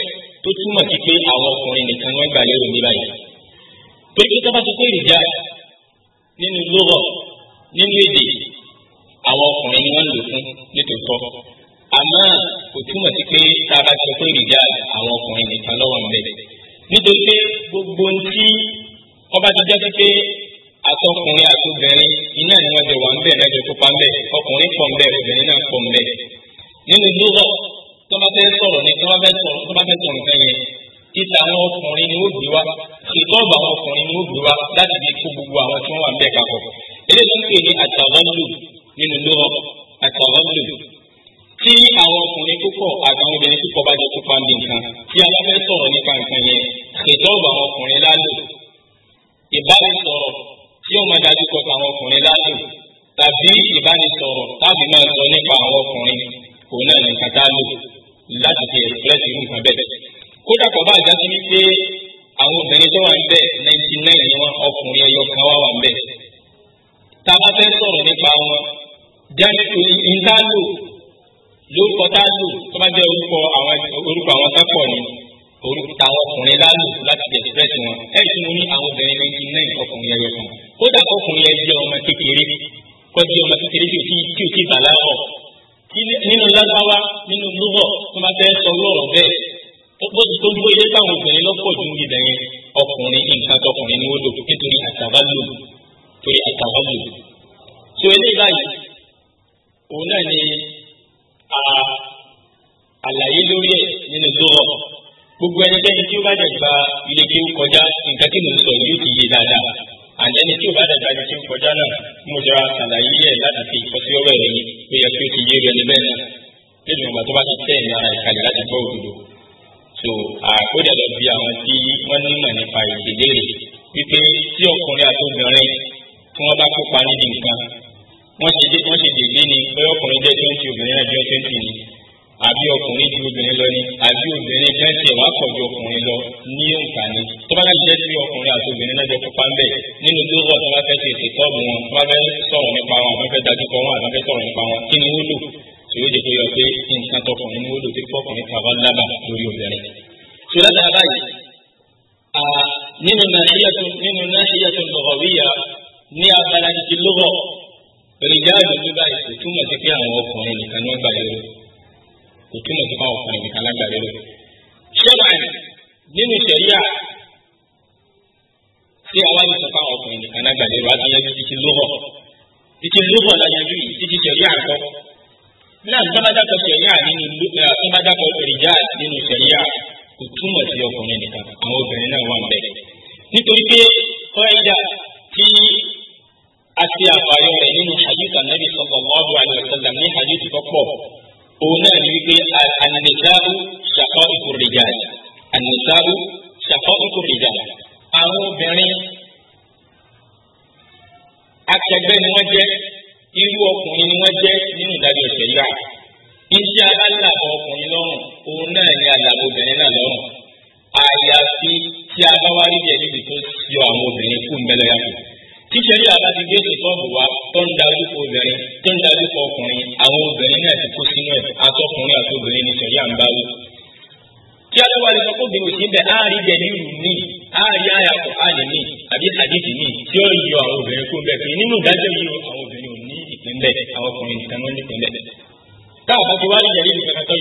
ഉപദേശിക്കുന്നത് méjì ni àbí ọkùnrin ju obìnrin lọ ni àbí obìnrin kan tiẹ̀ wá pọ̀ ju ọkùnrin lọ ní òǹkà ni tó bá láti jẹ́ sí ọkùnrin àti obìnrin náà jọ pupa ń bẹ̀ nínú tó rọ̀ tó bá fẹ́ ṣe ìsìnkọ́ọ̀bù wọn tó bá fẹ́ sọ̀rọ̀ nípa wọn àbá fẹ́ dájú kọ wọn àbá fẹ́ sọ̀rọ̀ nípa wọn kí ni wọ́n lò tí ó jẹ́ pé yọ pé nǹkan tọkùnrin ni wọ́n lò tí fọkùnrin kàwá lábà lórí obìnrin. sùlẹ́tà báyìí nínú náà rìjáàlù tó báyìí kò túmọ̀ sí pé àwọn ọkùnrin nìkan ní ọgbà lérò kò túmọ̀ sí pé àwọn ọkùnrin nìkan lágbà lérò. ṣẹ́wàá nínú ìṣẹ̀yà tí àwa yìí sọ fáwọn ọkùnrin nìkan lágbà lérò àti ẹni títí lóhọ̀ títí lóhọ̀ láyanjú yìí títí ṣẹ̀yà àkọ́. náà tó bá dákọ̀ ṣẹ̀yà nínú eh, tó bá dákọ̀ rìjáàlù nínú ṣẹ̀yà àti àbáyọ rẹ̀ nínú hadith anabi sallallahu alaihi wasallam ní hadith pọpọ òun náà ni wípé an-nisa'u shaqa'iqu ar-rijal an-nisa'u shaqa'iqu ar-rijal àwọn obìnrin akẹgbẹ́ ni wọ́n jẹ́ irú ọkùnrin ni wọ́n jẹ́ nínú ìdájọ́ ìṣẹ̀yà iṣẹ́ alàbọ̀ ọkùnrin lọ́rùn òun náà ni alàbọ̀ obìnrin náà lọ́rùn àyàfi tí a bá wá rí bí ẹni tó ṣe àwọn obìnrin kú mẹ́lẹ́yàfọ́ tíṣẹ̀rí àbá ti gbé ìtọ́bù wa tó ń darí obìnrin tó ń darí ọkùnrin àwọn obìnrin náà ti kó sínú ẹ̀ atọ́kùnrin àti obìnrin ní sẹ̀rí àǹbáwí. tí a tó wà lè sọ fún bèrè síbẹ̀ àárí dẹ̀lílù ní àárí àyà kọ̀ọ̀ánì ní àbí àdìsí ní tí ó yọ àwọn obìnrin kó bẹ̀ pé nínú ìdájọ́ yìí àwọn obìnrin ò ní ìpínlẹ̀ àwọn ọkùnrin nìkan ló ní ìpínlẹ̀. táwọn bá ti wá rí dẹ̀lílù kankan tó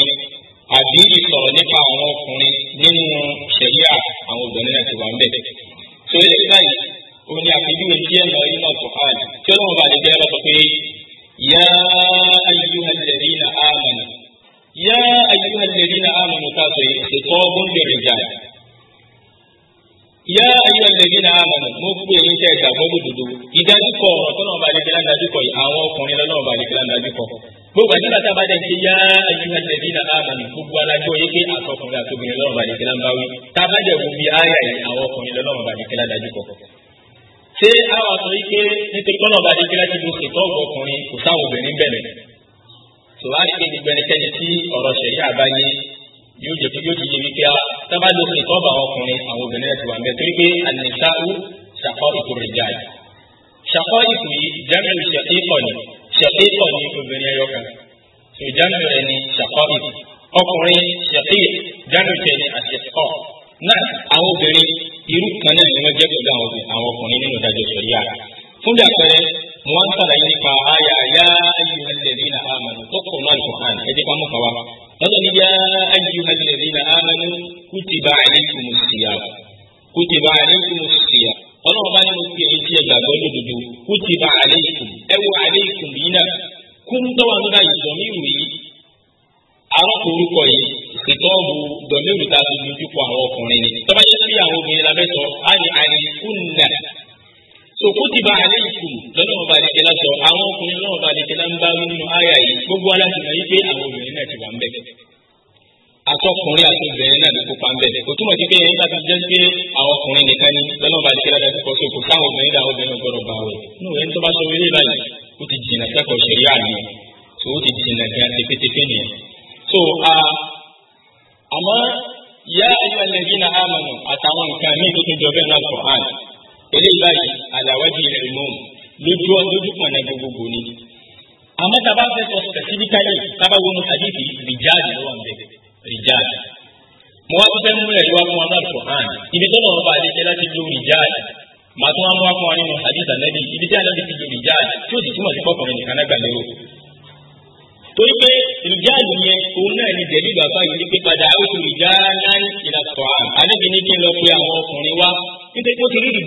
yọ yóò àbí ìsọ̀rọ̀ nípa àwọn ọkùnrin nínú ṣẹ̀ríà àwọn obìnrin náà ti wà ń bẹ̀. tó ilé báyìí o ní àpèjúwe tí ẹ̀ lọ nínú ọ̀tọ̀kàn tí ọlọ́run bá lè jẹ́ ọ̀rọ̀ sọ pé yá ayyuhalladhina amanu yá ayyuhalladhina amanu káàtó ètò ọgbọ́n bẹ̀rẹ̀ jà yá ayyuhalladhina amanu mo gbé yín tẹ́ ìgbàgbọ́ lódodo ìdájúkọ ọ̀rọ̀ tọ́lọ́run bá lè jẹ́ gbogbo àti bàtà bá dẹ̀ ṣe yá ayélujára ìdílé àmàlì gbogbo alájọ yé pé àtọkùnrin àtobìnrin lọ́wọ́ bàdìkẹ́lá ń bá wí tá a bá dẹ̀ wù bí ayà yìí àwọn ọkùnrin lọ́wọ́ bàdìkẹ́lá dájú kọ. ṣé àwọn àtọ́ yìí pé nítorí pọ́nà bàdìkẹ́lá ti lo ṣètọ́ ọkùnrin kò sáwọn obìnrin bẹ̀rẹ̀ tòwárí pé gbogbo ẹnikẹ́ni tí ọ̀rọ̀ ṣẹ̀yí àbáyé yóò jẹ́ pé yóò ti yé mi pé ṣàkíkọ̀ ní obìnrin ẹyọ kan tó jáde rẹ̀ ní ṣàkọ́ ìlú ọkùnrin ṣàkí jáde rẹ̀ ní àṣẹkọ́ náà àwọn obìnrin irú kan náà ni wọ́n jẹ́ pẹ̀lú àwọn ọkùnrin nínú ìdájọ́ sọ̀ríà fún bí àpẹẹrẹ wọ́n ń sàlàyé nípa àyà yá ayyuhalladhina amanu tó kọ̀ náà Al-Qur'an ẹ jẹ́ ká ní yá ayyuhalladhina amanu kutiba alaykumus siyam kutiba alaykumus siyam ọlọ́run bá ní mo ti èyí tí ẹ gbàgbọ́ lódodo kú ti bá àléékùn ẹ wo àléékùn yìí náà kú ń tọ́wọ́ ní báyìí dọ̀míìrù yìí arọ́pò orúkọ yìí ìtọ́ọ̀bù dọ̀míìrù ta ti dojú kọ àwọn ọkùnrin ni tọ́ba yẹn sí àwọn obìnrin la mẹ́sọ̀ á ní àléékùn náà so kú ti bá àléékùn lọ́lọ́run bá lè kẹ́lá sọ àwọn ọkùnrin lọ́wọ́ bá lè kẹ́lá ń bá nínú áyà yìí gbogbo aláṣẹ atọkùnrin àtọbìnrin náà ló kópa ń bẹ kò túmọ̀ sí pé yẹn nígbà tó jẹ́ pé àwọn ọkùnrin nìkan ni bẹ́ẹ̀ náà bá ti kíláàdá sí kọ́sọ́ kò sáwọn obìnrin dáhùn obìnrin gbọ́dọ̀ bá wẹ̀ nínú ẹni tó bá sọ wílé báyìí ó ti jìnnà sẹ́kọ̀ọ́ ṣẹ̀ríà ni tó ó ti jìnnà gan tẹfẹ́tẹfẹ́ nìyẹn. so àmọ́ yá ayọ́ ẹlẹ́bí na amọ̀nù àtàwọn nǹkan míì tó tún jọ bẹ́ẹ̀ náà Qur'an eléyìí báyìí àlàwájú ilẹ̀ ìmọ̀ọ́mù lójú lójú pọ̀nà gbogbogbò ni àmọ́ tá a bá fẹ́ sọ specifically tá a bá wọnú hadithi ìjáde ló wà ń bẹ̀rẹ̀ rìjáàlì mo wá fẹ́ mú ẹ̀rí wá fún wa náà sọ̀hán ibi tó lọ́wọ́ bá adéṣe láti lo rìjáàlì màá tún wá mú wá fún wa nínú àdìsá nẹ́bí ibi tí ànábì ti lo rìjáàlì tí ó sì túmọ̀ sí pọ́kùnrin nìkan náà gbà lérò torí pé rìjáàlì yẹn òun náà ni dẹ̀lí bàbá yìí ní pé padà ó àwọn ọkùnrin wá nítorí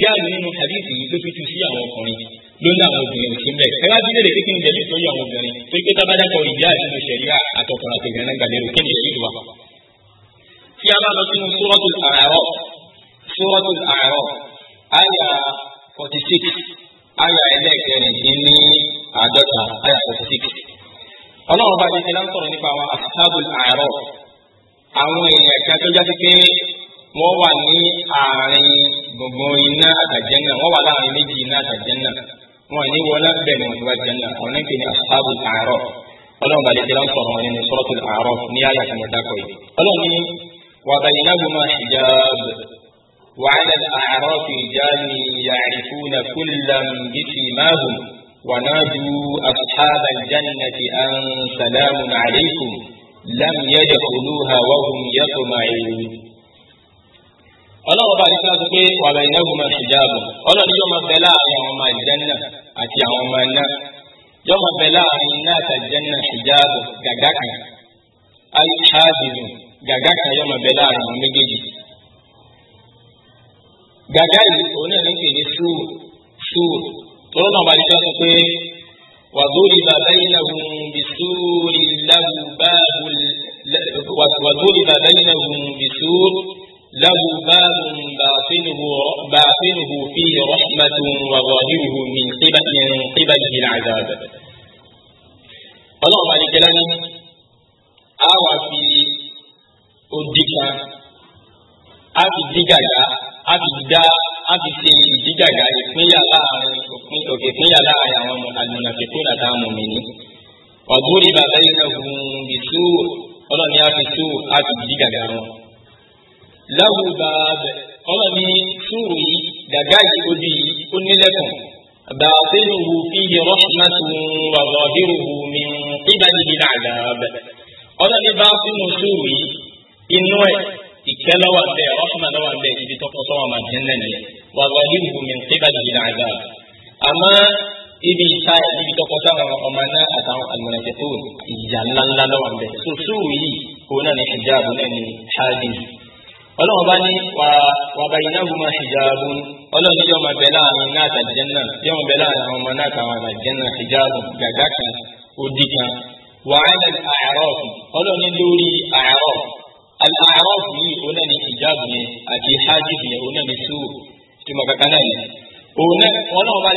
pé lórí àwọn obìnrin òsì mẹ́. ẹ wá bí léèrè kékeré jẹ́ nítorí àwọn obìnrin tó ké tábàdàkọ ìdí àti ìlú ṣẹ̀ríà àtọkùnrin àti ìrìnà gbàlérò kí ni èyí wà. tí a bá lọ sínú suratul A'raf suratul A'raf àyà forty six àyà ẹlẹ́ẹ̀kẹrin dín ní àádọ́ta àyà forty six. ọlọ́run bá jẹ́ láńsọ̀rọ̀ nípa àwọn ashabul A'raf àwọn èèyàn kan tó jáde pé wọ́n wà ní àárín gbùngbùn iná àtàjẹ́ náà wọ́n wà láàrin méjì iná àtàjẹ́ náà wọn ni wọlá ni wọn ti wá jẹ́nà àwọn náà ní asabu àárọ̀ ọlọ́run balẹ̀ jẹ́ lọ́sọ̀ wọn nínú suratul àárọ̀ ní àyà tí mo dákọ̀ yìí ọlọ́run ní wa baynahuma hijab wa 'ala al-a'rafi rijalun ya'rifuna kullan bisimahum wa nadu ashaba al-jannati an salamun alaykum lam yadkhuluha wa hum yatma'un ọlọ́wọ́ bá nípa sọ pé wàhálà ìnáwó máa fi dáàbò ọlọ́ni yóò máa bẹ láàrin àwọn ọmọ àlìjánná àti àwọn ọmọ iná yóò máa bẹ láàrin iná àtàlìjánná fi dáàbò gàgá kan alihadinu gàgá kan yóò máa bẹ láàrin àwọn méjèèjì. gàgá yìí òun náà ń pè ní sùúrù tọ́lọ́ náà bá nípa sọ pé وضرب بينهم بسور له باب وضرب بينهم بسور له باب باطنه باطنه فيه رحمة وظاهره من قبل من قبله العذاب ọlọ́run bá ní kí lánàá á wà fi odi kan á fi dígàgá á fi dá á fi ṣe ìdígàgá ìpínyà láàrin òkè ìpínyà láàrin àwọn àlùmọ̀nàfẹ́kùn àtàwọn mọ̀mìnì ọ̀dúnrún bàbá yìí náà hùn bìtú ọlọ́run ní á fi tú á fi dígàgá wọn láwù bàbẹ ọlọ́ ní sùúrù yìí gàgá yìí ojú yìí ó nílẹ̀kùn bàtẹ́nuhu fihi rahmatun wa zahiruhu min qibalihi al'adab ọlọ́ ní bá sínú sùúrù yìí inú ẹ̀ ìkẹlẹ́wà bẹ́ẹ̀ rahma lọ́wà bẹ́ẹ̀ ibi tọkọtọwà máa jẹ́ náà nìyẹn wa zahiruhu min qibalihi al'adab àmọ́ ibi ìta ibi tọkọtà àwọn ọmọ náà àtàwọn àlùmọ̀lẹ́kẹ̀tò ìyà ńláńlá lọ́wọ́ bẹ́ẹ̀ so sùúrù yìí òun náà ní hijab náà ní hajj ọlọ́run bá ní wàbàyínáhùmá hijabun ọlọ́run ní yọmọ bẹ̀ láàrin náà àtàjẹ́nà yọmọ bẹ̀ láàrin àwọn ọmọ náà àtàwọn àtàjẹ́nà hijabun gàgá kan odi kan wàhálà àárọ̀fù ọlọ́run ní lórí àárọ̀ àárọ̀fù yìí ó náà ní hijabun yẹn àti hajj yẹn ó náà ní sùúrù tí mo kankan náà yẹn òun náà ọlọ́run bá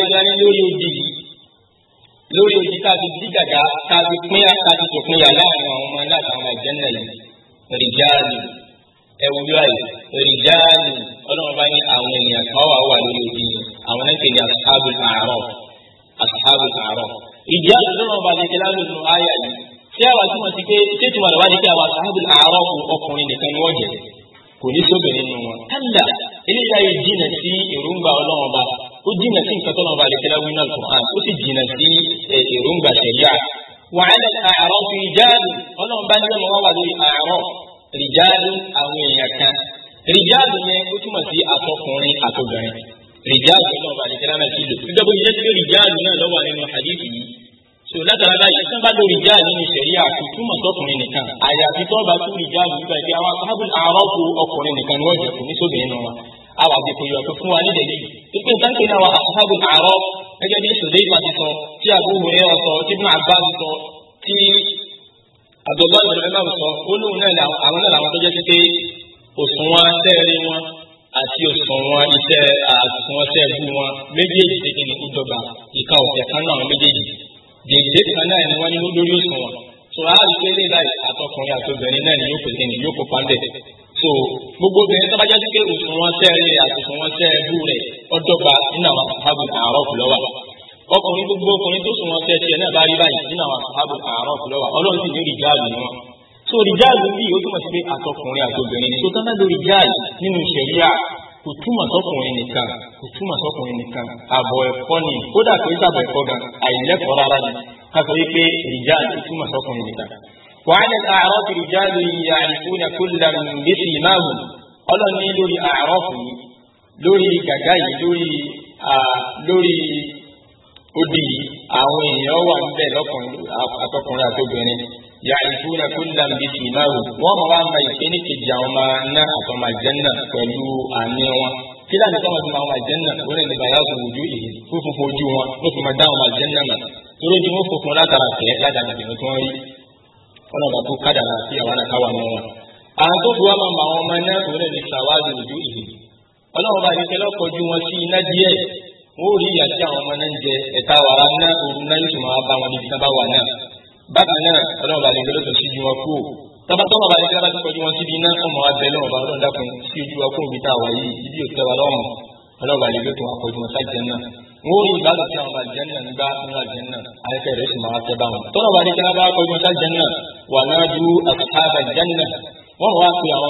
lè gbani ẹwù bí wáyé rìjáàlù ọlọ́run bá ní àwọn ènìyàn kan wà wà lórí òbí àwọn ẹ̀kẹ́ ní asáàbù àárọ̀ asáàbù àárọ̀ rìjáàlù ọlọ́run bá ní kíláàbù nù ayà yìí tí a wà tí wọ́n ti pé tètè wà lọ́wọ́ ní pé àwọn asáàbù àárọ̀ kù ọkùnrin nìkan ni wọ́n jẹ kò ní sóbìnrin nù wọn. kanda eléyà yìí jìnà sí èròǹgbà ọlọ́run ó jìnà sí nǹkan tọ́lọ́run bá lè kíláàbù náà kù hàn ó sì jìnà sí eh, èròǹgbà ṣẹ̀yà wàhálà àárọ̀ fi jáàlù ọlọ́run ní ọmọ wa wà lórí àárọ̀ rìjáàdù àwọn èèyàn kan rìjáàdù yẹn ó túmọ̀ sí àtọkùnrin àtobìnrin rìjáàdù náà wà ní kíláàmù sí lò nígbà bó ṣe pé rìjáàdù náà lọ́wọ́ nínú àdìsí yìí so látara báyìí tí wọ́n bá lo rìjáàdù ní sẹ̀ríà kò túmọ̀ sọkùnrin nìkan àyàfi tó bá tún rìjáàdù nígbà tí àwọn àrọ́pò ọkùnrin nìkan ni wọ́n jẹ̀ abdullahi ibn umar sọ ó lóun náà àwọn náà làwọn tó jẹ́ pé òṣùwọ̀n tẹ́ẹ̀rí wọn àti òṣùwọ̀n iṣẹ́ àtúnwọ̀n tẹ́ẹ̀bù wọn méjèèjì ṣe kí ni kó dọ́gba ìka òkè kan náà àwọn méjèèjì dèjé kan náà ni wọ́n ní lórí òṣùwọ̀n tó a rí pé léda àtọkùnrin àtobìnrin náà ni yóò pèsè ni yóò kópa bẹ̀ so gbogbo obìnrin tó bá jẹ́ pé òṣùwọ̀n tẹ́ẹ̀rí àtòṣùwọ̀n tẹ́ẹ̀bù rẹ̀ ọdọ́gba nínú àwọn àbábọ̀ àárọ̀ kù ọkùnrin gbogbo ọkùnrin tó sùn wọn tẹ tiẹ̀ náà bá rí báyìí nínú àwọn àbò àárọ̀ fúlọ́wà ọlọ́run sì ní rìjáàlù ni wọn. so rìjáàlù bíi ó túmọ̀ sí pé àtọkùnrin àtobìnrin ni tó tán náà ló rìjáàlù nínú ìṣẹ̀ríà kò túmọ̀ sọkùnrin nìkan kò túmọ̀ sọkùnrin nìkan àbọ̀ ẹ̀kọ́ ni kódà pé sábà ẹ̀kọ́ gan àìlẹ́kọ̀ọ́ rárá ni káfọ́ yí pé rìjáàlù kò túmọ̀ sọkùnrin nìkan. وعلى الأعراف رجال يعرفون كلا بسيماهم ọlọ́run ní lórí àárọ̀ fún mi lórí gàgá yìí lórí lórí obì àwọn èèyàn wà ń bẹ̀ lọ́kùnrin àtọkùnrin àtobìnrin yà ìfúnra kó dà bí tìmáwò wọn mọ wá ma ìkéni kejì àwọn ọmọ aná àtọmọ àjẹnà pẹ̀lú àní wọn kí láti tọ́ ma fi ma ọmọ àjẹnà wọn lè bàyà sọ ojú ìhìn fún funfun ojú wọn ló fi ma dá ọmọ àjẹnà mà torí ojú wọn funfun látara tẹ látara tẹ tí wọn rí ọlọ́run bá tó kádàrà sí àwọn àtàwọn ọmọ wọn. àwọn tó fi wá ma ma àwọn ọmọ aná wọ́n rí ìyà tí àwọn ọmọ náà ń jẹ ẹ̀ta wàrà náà òun náà yóò sì máa bá wọn níbi tábà wà náà bákan náà ọlọ́run bá lè gbé lọ́sọ̀ sí ju wọn kú tọ́bátọ́ bàbá ní kíláàsì kọjú wọn síbi iná ọmọ abẹ lọ́wọ́ bá ọlọ́run dákun sí ojú wa kó òbí tá a wà yìí ibi òkè wa lọ́rùn ọlọ́run bá lè gbé tún akọjú wọn sáà jẹ́nà wọ́n rí ìgbàlọ́ wọ́n wá pe àwọn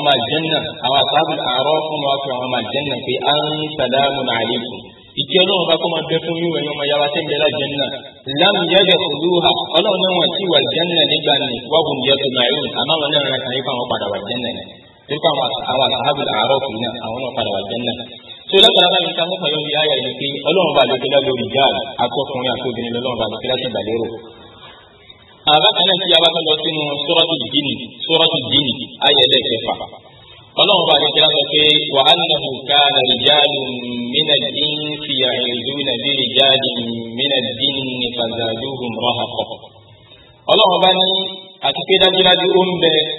ọmọ àjẹ́nà àwọn àtàbí àárọ̀ wọ́n wá pe àwọn ọmọ àjẹ́nà pé á ń sàdámù nàálẹ́kùn ìkẹ́ ọlọ́run bá kọ́ máa bẹ fún yíwẹ̀ ọmọ yàrá tẹ́ ń bẹ lájẹ́ náà lam yẹ́dẹ̀ kòlú ha ọlọ́run náà wọ́n ti wà jẹ́nà nígbà ní wàhùn yẹ́ tó máa yún àmọ́ àwọn náà rẹ̀ kàn yí fún àwọn padà wà jẹ́nà ní nípa àwọn àhábù àárọ̀ kù náà àwọn náà padà wà jẹ́nà. tó lọ́kàrà bá mi ta mọ́kàn yóò yá yà yìí pé ọlọ́run bá lè kílá lórí jáàlì akọkùnrin síwájú ó ń bẹ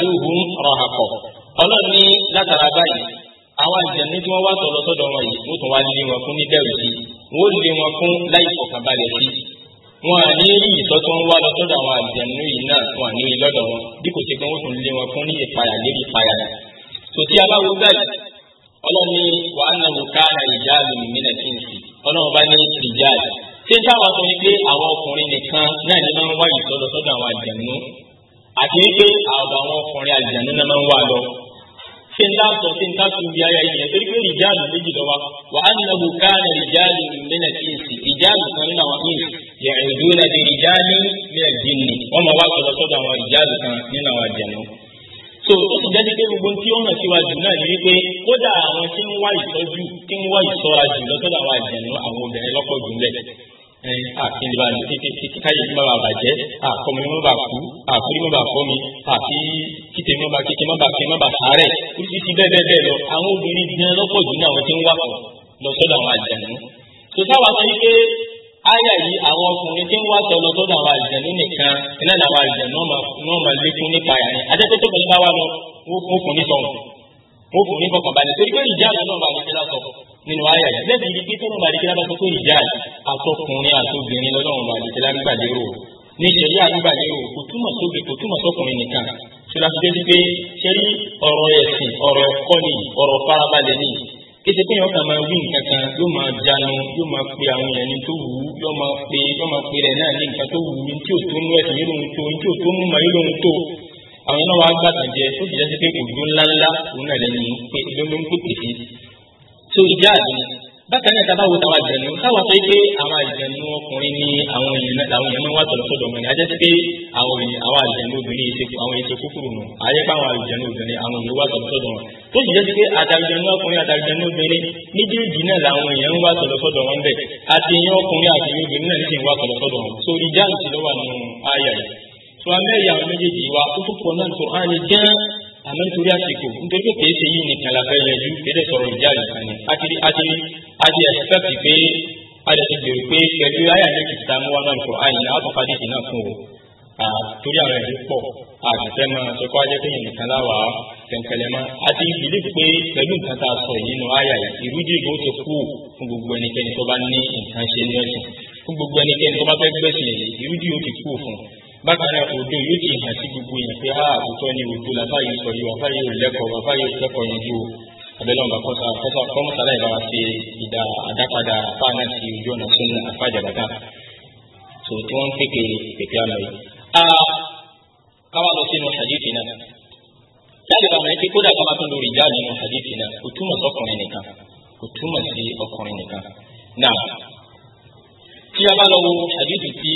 zaduhum rahaqa ọlọ́run ní látara báyìí àwọn àjẹmí tí wọ́n wá tọ̀lọ́ sọ́dọ̀ wọn yìí wọ́n tún wá lé wọn fún níbẹ̀rù sí wọ́n lé wọn fún láì fọkànbalẹ̀ sí wọn à ní rí ìtọ́ tí wọ́n wá lọ sọ́dọ̀ àwọn àjẹmí yìí náà wọn à ní rí lọ́dọ̀ wọn bí kò ṣe pé wọ́n tún lé wọn fún ní ìpayà lérí ìpayà wá ìṣọ́ra jù lọ́sọ́dọ̀ àwọn àjẹnú àwọn obìnrin lọ́pọ̀ jù lẹ̀ àfihàn ìbá ní kékeré káyé má bàa bàjẹ́ àkọ́mi má bàa kú àkúrí má bàa fọ́mi àfi kíte má bàa kéke má bàa ké má bàa sàárẹ̀ oríṣiríṣi bẹ́ẹ̀ bẹ́ẹ̀ bẹ́ẹ̀ lọ àwọn obìnrin gan lọ́pọ̀ jù ní àwọn tí ń wà pọ̀ lọ́sọ́dọ̀ àwọn àjẹnú. sọ́tà wa sọ wípé áyà yìí àwọn ọkùnrin tí ń wá sọ lọ́sọ́dọ̀ àwọn àjẹnú nìkan iná làwọn àjẹnú náà máa lékún nípa yàrá tẹ́lá bá sọ pé hijab àtọkùnrin àtobìnrin lọ́lọ́run bá lè tẹ́lá gbàlérò ní ṣẹ̀rí àgbàlérò kò túmọ̀ sóbi kò túmọ̀ sọkùnrin nìkan ṣọlá fi dé pé ṣẹ́rí ọ̀rọ̀ ẹ̀sìn ọ̀rọ̀ ẹ̀kọ́ ni ọ̀rọ̀ farabalẹ̀ ni kété pé yọ̀ọ́ kà máa wí nǹkan kan yóò máa jánu yóò máa pe àwọn èèyàn ní tó wù ú yóò máa pe yóò máa pe rẹ̀ náà ní nǹkan tó wù ú ní tí ò tó nú ẹ̀sìn yóò lóhun tó ní tí ò tó mú ma yóò lóhun tó àwọn náà wàá gbàtàn jẹ tó sì jẹ́ sí pé òdó ńláńlá òun náà lẹ́nu pé ló ló ń pèpè sí. so ìjà àdùn bákan náà tábà wo táwọn àjẹnú táwọn sọ pé àwọn àjẹnú ọkùnrin ni àwọn èèyàn náà àwọn èèyàn máa wà tọ̀lọ̀ sọ́dọ̀ wọn ni ajẹ́ sí pé àwọn èèyàn àwọn àjẹnú obìnrin yìí ṣe àwọn èèyàn ṣe kúkúrú nù ayé pé àwọn àjẹnú obìnrin àwọn èèyàn wà tọ̀lọ̀ sọ́dọ̀ wọn tó sì jẹ́ sí pé àtàjẹnú ọkùnrin àtàjẹnú obìnrin méjèèjì náà làwọn èèyàn wà tọ̀lọ̀ sọ́dọ̀ wọn bẹ̀ àti èèyàn ọkùnrin so ìjà àmọ́ nítorí àsìkò nítorí pé kèése yìí nìkan la fẹ́ yanjú kéde sọ̀rọ̀ ìjà nìkan ni àti àti àti ẹ̀sìpẹ́kì pé àti àti gbèrú pé pẹ̀lú ayé tá a mú wa náà náà fún o torí àwọn ẹ̀rí pọ̀ àtẹ̀tẹ̀ máa sọ pé ajẹ́ kéèyàn nìkan láwà tẹ̀ǹkẹ̀lẹ̀ mọ́ àti ìdílé pé pẹ̀lú nǹkan tá a sọ nínú ayé àyè ìrújú ìbò ti kú fún bákan náà òdo yóò ti hàn sí gbogbo yẹn pé a ah, àbútọ́ ni òdo làbá yìí sọ yìí bàbá yìí ò lẹ́kọ̀ọ́ bàbá yìí ò lẹ́kọ̀ọ́ yanjú o abẹ́lẹ́ ọ̀gá kọ́sà kọ́sà kọ́mọ́sálà ìbára ṣe ìdá àdápadà apá náà ti ojú ọ̀nà sínú àfàjàbàtà tó tí wọ́n ń pèpè pèpè àmọ́ yìí. a káwá lọ sínú hadithi náà láti bá wọn ẹ pé kódà bá wọn tún lórí ìjà nínú hadithi náà kò túmọ̀ sọkùnrin nìkan kò túmọ̀ sí ọkùnrin nìkan. náà tí a bá lọ wo hadithi tí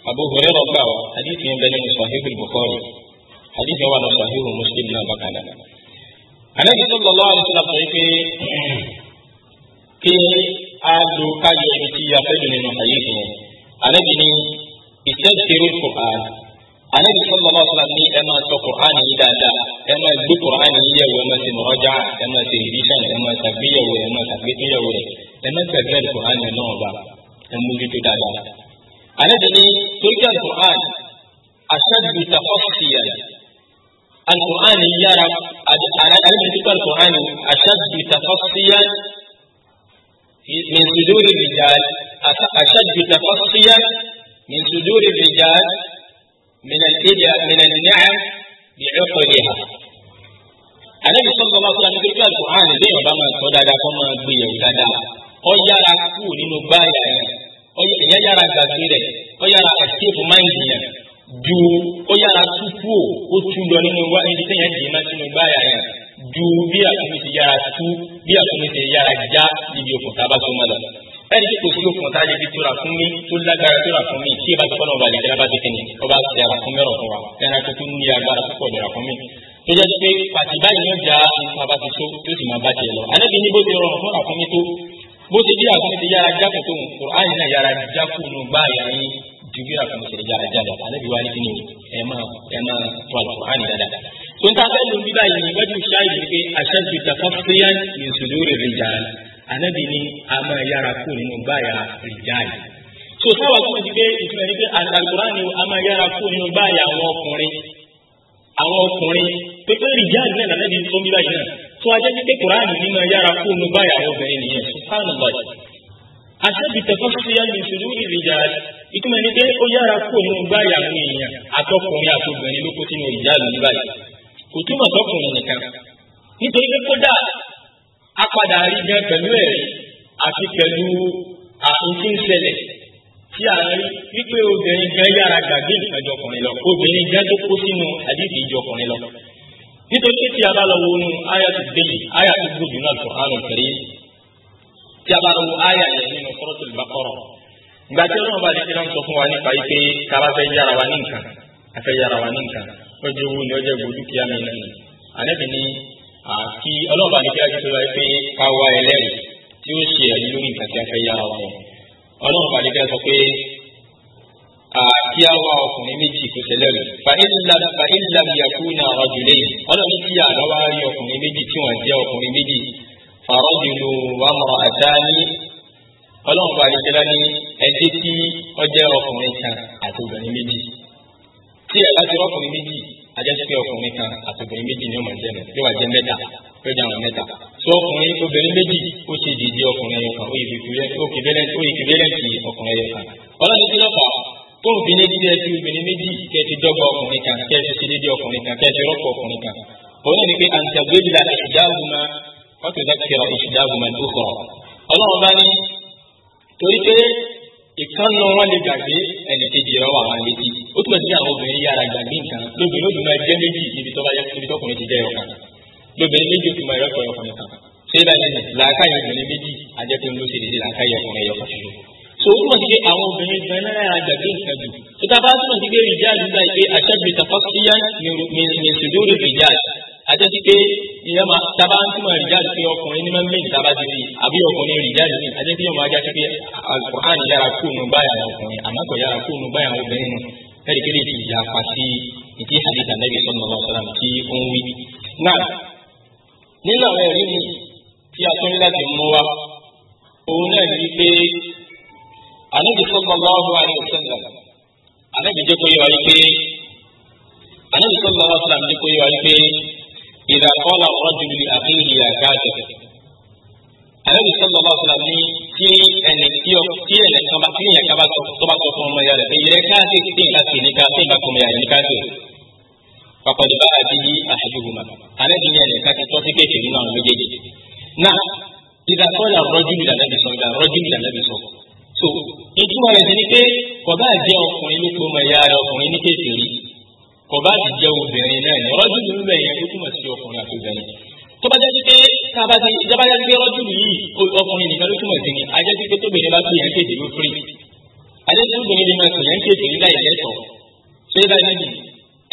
Abu Hurairah gbà wá hadith yẹn bẹ́ẹ̀ ní Sahih al-Bukhari hadith yẹn wà ní Sahih Muslim náà bákan náà. Ànábì sallallahu alaihi wasallam sọ pé kí a lo káyọ ibi tí a fẹ́ dùn nínú hadith yẹn. Ànábì ní ìṣẹ́jú Qur'an. Ànábì sallallahu alaihi wasallam ní ẹ máa Qur'an yìí dáadáa, ẹ máa gbé Qur'an yìí yẹ̀wò, ẹ máa ṣe mọ̀rọ́jà, ẹ máa ṣe ìdíṣàn, ẹ máa ṣàgbéyẹ̀wò, ẹ máa ṣàgbéyẹ̀wò Qur'an yẹn náà bá, ẹ mú bí tó dáadáa alẹ́dẹ̀ẹ́ni torí alukur'an aṣáájú tafọ́síyà alukur'an yára alẹ́dẹ̀ẹ́ni torí alukur'an aṣáájú tafọ́síyà min suduri rijal aṣáájú tafọ́síyà min suduri rijal min al-ija min al-ni'am bi'uqliha alẹ́bi sọ́dọ̀ bá fún akéwì pé alukur'an lè yọ̀bá máa sọ dáadáa kó máa gbé yẹ̀wò dáadáa ọ yára kú nínú báyà yẹn ẹ̀yà yàrá gàgbé rẹ̀ ó yàrá escape mind yẹn ju ó yàrá túkú ó tú lọ nínú wá ẹni tẹ́yà dì má sínú gbáyà yẹn ju bí àkúnmí ti yàrá tú bí àkúnmí ti yàrá já ibi òkun tá a bá tó mọ́ lọ. ẹni tí kò sí òkun tá a lè fi tóra fún mi tó lágbára tóra fún mi tí ìbá tó fọ́nà ọba lè dára bá ti kìnnì ọba yàrá fún mẹ́rọ̀ fún wa ẹni tó tún ní agbára púpọ̀ yàrá fún a tó jẹ́ pé pàtì báyìí yóò já ìfún abá ti tó tó sì máa bá tiẹ̀ lọ bó ti bí àtúnṣe ti yára jáde tó ń kúránì náà yára jákú nù báyà ní dùbí àtúnṣe ti yára jáde àlẹ́ ìwà ní kíni ẹ máa ẹ máa tó àlùkùránì dáadáa. tó ń ta fẹ́ lu bíbá yìí ní wájú ṣáàyè ni pé àṣàjù tafafúyán ní sùdúrì rìjàl ànábì ni a máa yára kú nínú báyà rìjàl. tó sábà tó ti pé ìtumọ̀ ni pé àlùkùránì a máa yára kú nínú báyà àwọn ọkùnrin àwọn ọkùnrin pépé rìjàl náà lànà subhanallah àṣẹ́bi أشد ní ìṣòro ìrìnjà الرجال، ẹni pé ó yára kó nínú gbáyà àwọn èèyàn àtọkùnrin àtobìnrin ló kó sínú ìjáàlú ní báyìí kò túmọ̀ tọkùnrin nìkan nítorí pé kódà a padà rí gan pẹ̀lú ẹ̀rí àti pẹ̀lú àǹtí ń ṣẹlẹ̀ tí a rí wípé obìnrin gan yára gbàgbé ìfẹ́jọ ọkùnrin lọ obìnrin gan tó kó sínú àdìsí ìjọ ọkùnrin lọ nítorí pé tí a bá lọ wo nu ayatollah ayatollah náà sọ̀rọ̀ àlùkẹ́rẹ́ tí a bá lọ wo àyà yẹn nínú Suratul Baqara ìgbà tí ọlọ́run bá di kí lọ́n sọ fún wa nípa yìí pé kára fẹ́ yára wa ní nǹkan afẹ́ yára wa ní nǹkan ó jẹ́ owó ni ó jẹ́ gbòdú kí á mi nà ní àlẹ́bí ni kí ọlọ́run bá di kí á ti sọ wa pé ká wá ẹlẹ́rìí tí ó ṣe ẹ̀yìn lórí nǹkan tí a yára wa yẹn ọlọ́run bá di kí sọ pé kí ọkùnrin méjì kò tẹ́lẹ̀ rẹ̀ fàílàmìyàkú náà ọjọ́ lẹ́yìn ọlọ́run tí yàrá wa ọkùnrin méjì tí wọ́n jẹ́ ọkùnrin méjì ọ̀rọ̀dìlú wàmọ̀rọ̀ àtàní ọlọ́run bá àdìsẹ́lá ní ẹtí tí ọjẹ́ ọkùnrin kan àti obìnrin méjì tí ẹ bá ti ọkùnrin méjì ajẹ́sípẹ́ ọkùnrin kan àti obìnrin méjì ni ọmọ jẹ́nu yóò wá jẹ́ mẹ́ta yóò jẹ́ àwọn mẹ́ta tó ọkùnrin obìnrin méjì ó ṣe dìde ọkùnrin ẹyọkan ó yìí kìbẹ́lẹ́ǹtì ọkùnrin ẹyọkan ọlọ́run ti lọ́pàá tó obìnrin ti ẹ ti obìnrin méjì kẹ́ ti dọ́gba ọkùnrin kan kẹ́ ti ṣe dédé ọkùnrin kan kẹ́ ti rọ́pò ọkùnrin kan òun ní pé àǹtàgbélé وتذكر إحداهما الأخرى الله باني تريد ìkànnà wọn lè gbàgbé ẹnì kejì rẹ wà wọn létí ó túbọ̀ sí àwọn obìnrin yára gbàgbé nǹkan lóbìnrin ó dùn máa jẹ́ méjì níbi tó bá yẹ níbi tọkùnrin ti jẹ́ ọkàn lóbìnrin méjì ó fi máa yọkọ̀ ọkùnrin kan ṣé ìlànà ìlànà làákàyè obìnrin méjì ajẹ́pẹ́ ló ṣe lè ṣe làákàyè ọkùnrin ẹyọkọ̀ ṣoṣo. so ó túbọ̀ sí pé àwọn obìnrin gan náà yára gbàgbé nǹkan jù tó tá a bá túbọ̀ sí pé rìjáàlú gbà pé aṣẹ́gbẹ̀tàfọ́síyá ni sùdúrù rìjáàlú àjẹsí pé ìyẹn máa tábà ń túmọ̀ rìjáde pé ọkùnrin ní máa ń mí ìtaba ti di àbí ọkùnrin rìjáde ní àjẹsí yóò máa já sí pé alukur'an yára kú ònú báyà àwọn ọkùnrin àmọ́ kò yára kú ònú báyà àwọn obìnrin nù ẹ̀rí kéde ti yà pa sí ìdí àdìsá nẹ́bí sọ́nà ọ̀rọ̀ sọ́nà tí ó ń wí. náà nínú àwọn ẹ̀rí mi tí a tún láti mú wa òun náà ní pé ànábì sọ́nà ọ̀rọ̀ àríwọ̀sọ́nà ànábì sọ́nà إذا قال الرجل لأخيه يا كافر Ànábì sallallahu alaihi wasallam ní tí ẹnì tí ọ tí ẹnì kan bá tí yẹn kan bá sọ tó bá sọ fún ọmọ ya rẹ̀ pé yẹ káàdì tí nǹkan sì ní ká tí nǹkan kọmọ ya rẹ̀ ní káàdì pàpàdé bá a bí yí ahaduhuma Ànábì ní ẹnì ká ti tọ́ sí kéèké nínú àwọn méjèèjì náà ìdàtọ́ ya rọ́júlù lànàbì kò bá ti jẹ obìnrin náà ni rọ́jú ló ń bẹ̀ yẹn ó túmọ̀ sí ọkùnrin àti obìnrin tó bá jẹ́ pé tába ti jábá jẹ́ pé rọ́jú yìí ọkùnrin nìkan ló túmọ̀ sí ni ajẹ́ pé tóbìnrin bá pè yẹn kéde ló firi ajẹ́ pé tóbìnrin lè máa pè yẹn kéde ní láì lẹ́tọ̀ ṣé báyìí nìyí